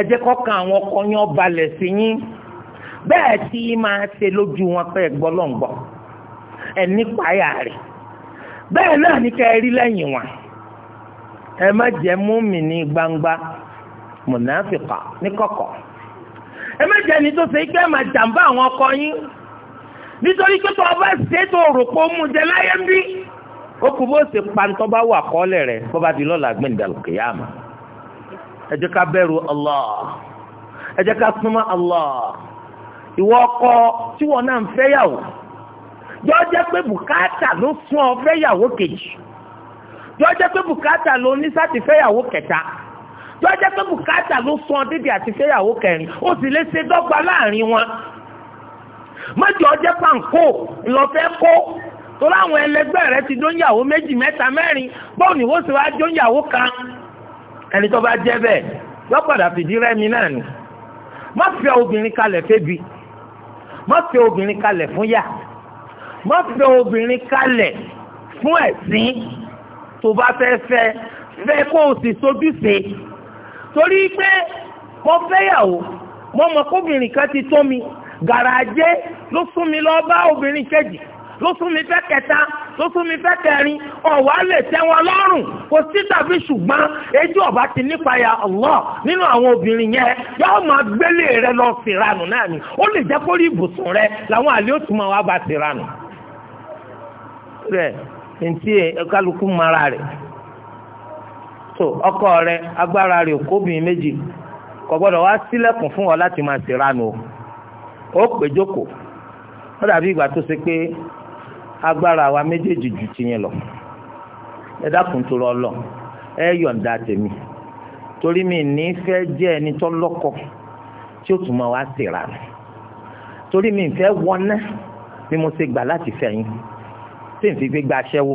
àwọn ọkọ yẹn sí yín bẹ́ẹ̀ tí máa ṣe lójú wọn pé ẹ̀gbọ́ lọ́ngbọ́ ẹ̀ nípayà rẹ̀ náà ní ká ẹ rí wọn múmìnì gbangba múnáfíkà ní kọ̀kọ̀ ní tó ṣe máa jàǹbá àwọn ọkọ yín nítorí pé tó o bá ṣe tó o rò pé ó kú bó ṣe pantọ́ bá wà kọ́lẹ̀ rẹ̀ bó bá di lọ́la gbẹ̀ndàlù kìyàmà ẹ jẹ́ ká bẹ̀rù Allah ẹ jẹ́ ká súnmọ́ Allah ìwọ ọkọ tí wọn náà ń fẹ́yàwó yọ jẹ́ pé bùkátà ló fún ọ fẹ́yàwó kejì yọ jẹ́ pé bùkátà ló ní sáti fẹ́yàwó kẹta yọ jẹ́ pé bùkátà ló fún ọ dídì àti fẹ́yàwó kẹrin ó sì lè ṣe dọ́gba láàrin wọn mọ́jọ́ jẹ́ pàǹkó lọ́fẹ́ kó torí àwọn ẹlẹgbẹ́ rẹ ti dóńyàwó méjì mẹ́ta mẹ́rin bọ́ọ̀ ni wọ́n ti wá dóńyàwó kan ẹni tó bá jẹ́ bẹ́ẹ̀ yóò padà fìdí rẹ́mi náà ni má fẹ́ obìnrin kalẹ̀ fébi má fẹ́ obìnrin kalẹ̀ fún yà má fẹ́ obìnrin kalẹ̀ fún ẹ̀sìn tó bá fẹ́ fẹ́ fẹ́ kó o sì sojúṣe torí pé mo fẹ́yàwó mo mọ̀ kóbìnrin kan ti tó mi gàràjé ló sún mi lọ bá obìnrin kejì ló sún mi fẹ́ kẹta ló sún mi fẹ́ kẹrin ọ̀wá lè tẹ́ wọn lọ́rùn kò sí tàbí ṣùgbọ́n ẹjọ́ ọba ti nípayà Allah nínú àwọn obìnrin yẹn yóò máa gbélé rẹ lọ síranù náà ni ó lè jẹ́ kó rí ibùsùn rẹ làwọn àlè òtún máa wá bá síranù. rẹ ntí kálukú mara rẹ tó ọkọ rẹ agbára rẹ kóbìnrin méjì kò gbọ́dọ̀ wá sílẹ̀kùn fún ọ láti máa síranù ó pè jókòó ó dàbí ìgbà tó ṣe pé agbára wa méjèèjì ju tiyín lọ ẹ dákun tó rọ lọ ẹ yọ̀ǹda tèmi torí mi ní fẹ́ jẹ́ ẹni tó lọ́kọ tí ó tún máa wá síra rẹ̀ torí mi fẹ́ wọná bí mo ṣe gbà láti fẹ́ yín tí n fi gbé gba aṣẹ́wó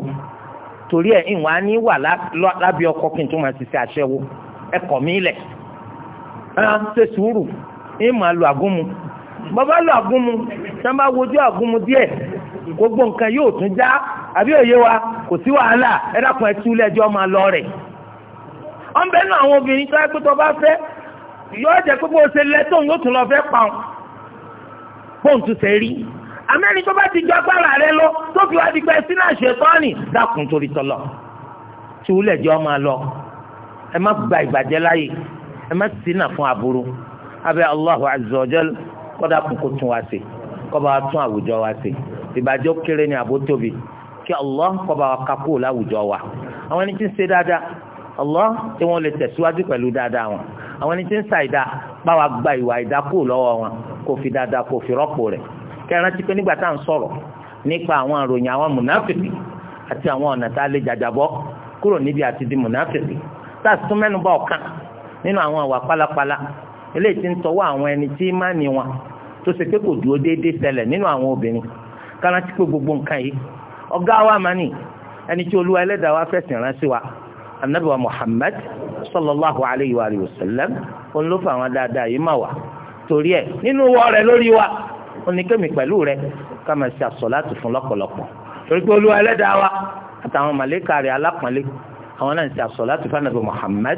torí ẹ̀ ìwọ̀n á ní wà lábẹ́ ọkọ kí n tó máa ṣiṣẹ́ aṣẹ́wó ẹ kọ̀ mí lẹ̀ ẹ ṣe sùúrù ẹ máa lo àgúnmu bàbá lo àgúnmu tí wojú àgúnmu díẹ̀ gbogbo nǹkan yóò tún já àbí òye wa kò sí wàhálà ẹ dákun ẹ tú lẹ́jọ́ máa lọ rẹ̀. ọ̀nbẹ náà àwọn obìnrin tó ẹgbẹ́ tó bá fẹ́ yóò jẹ́ pé bó ṣe lẹ́tọ̀ yóò tún lọ fẹ́ pa ọ́n bóun tún ṣe rí amẹ́ni tó bá ti jọ agbára rẹ lọ tó fi wá di pẹ́ sínú àṣetọ́ni dákun torí tọ́lọ̀ tú lẹ́jọ́ máa lọ ẹ má gba ìbàjẹ́ láyè ẹ má ṣìnà fún aburú abẹ́ Allahu azza wa jal kọ́dà kókó tún wá sí kọ́ba tún àwùjọ wá sí ìbàjẹ́ ó kéré ní àbó kí Allah kọba wa kakó láwùjọ wa àwọn ẹni tí ń ṣe dáadáa Allah tí wọ́n lè tẹ̀síwájú pẹ̀lú dáadáa wọn àwọn ẹni tí ń sa ìdá bá wa gba ìwà ìdá kó lọ́wọ́ wọn kò fi dáadáa kò fi rọ́pò rẹ̀ kẹrántí pé nígbà tá à ń sọ̀rọ̀ nípa àwọn àròyìn àwọn mùnáfìkì àti àwọn ọ̀nà tá a lè jàjàbọ́ kúrò níbi àti di mùnáfìkì tá a tún tó ṣe pé kò dúró déédéé ṣẹlẹ̀ nínú àwọn obìnrin kárántí pé gbogbo nǹkan yìí ọ̀gá wa máa ní ẹni tí olúwa ẹlẹ́dàá wa fẹ̀sìn ránṣẹ́ wa anabi wa muhammad sallallahu alayhi wa sallam òun ló fà wọn dáadáa yìí máa wà torí ẹ nínú wọ rẹ lórí wa oníkẹ́mi pẹ̀lú rẹ ká máa ṣe àsọ̀láàtì fún lọ́pọ̀lọpọ̀ torí pé olúwa ẹlẹ́dàá wa àtàwọn màlẹ́kà rẹ̀ àwọn náà ṣe àsọ̀láàtì fún anabi muhammad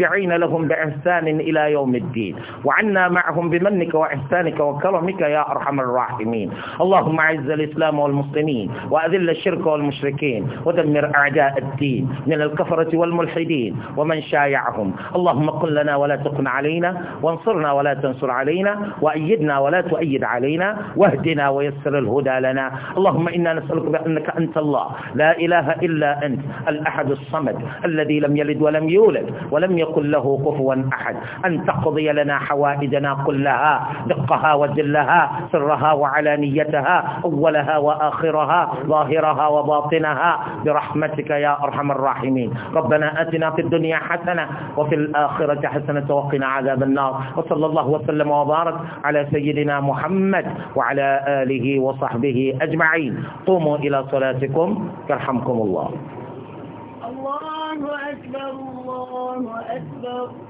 والتابعين لهم بإحسان إلى يوم الدين وعنا معهم بمنك وإحسانك وكرمك يا أرحم الراحمين اللهم عز الإسلام والمسلمين وأذل الشرك والمشركين ودمر أعداء الدين من الكفرة والملحدين ومن شايعهم اللهم قل لنا ولا تقن علينا وانصرنا ولا تنصر علينا وأيدنا ولا تؤيد علينا واهدنا ويسر الهدى لنا اللهم إنا نسألك بأنك أنت الله لا إله إلا أنت الأحد الصمد الذي لم يلد ولم يولد ولم يكن له كفوا أحد أن تقضي لنا حوائجنا كلها دقها وجلها سرها وعلانيتها أولها وآخرها ظاهرها وباطنها برحمتك يا أرحم الراحمين ربنا آتنا في الدنيا حسنة وفي الآخرة حسنة وقنا عذاب النار وصلى الله وسلم وبارك على سيدنا محمد وعلى آله وصحبه أجمعين قوموا إلى صلاتكم يرحمكم الله الله أكبر الله أكبر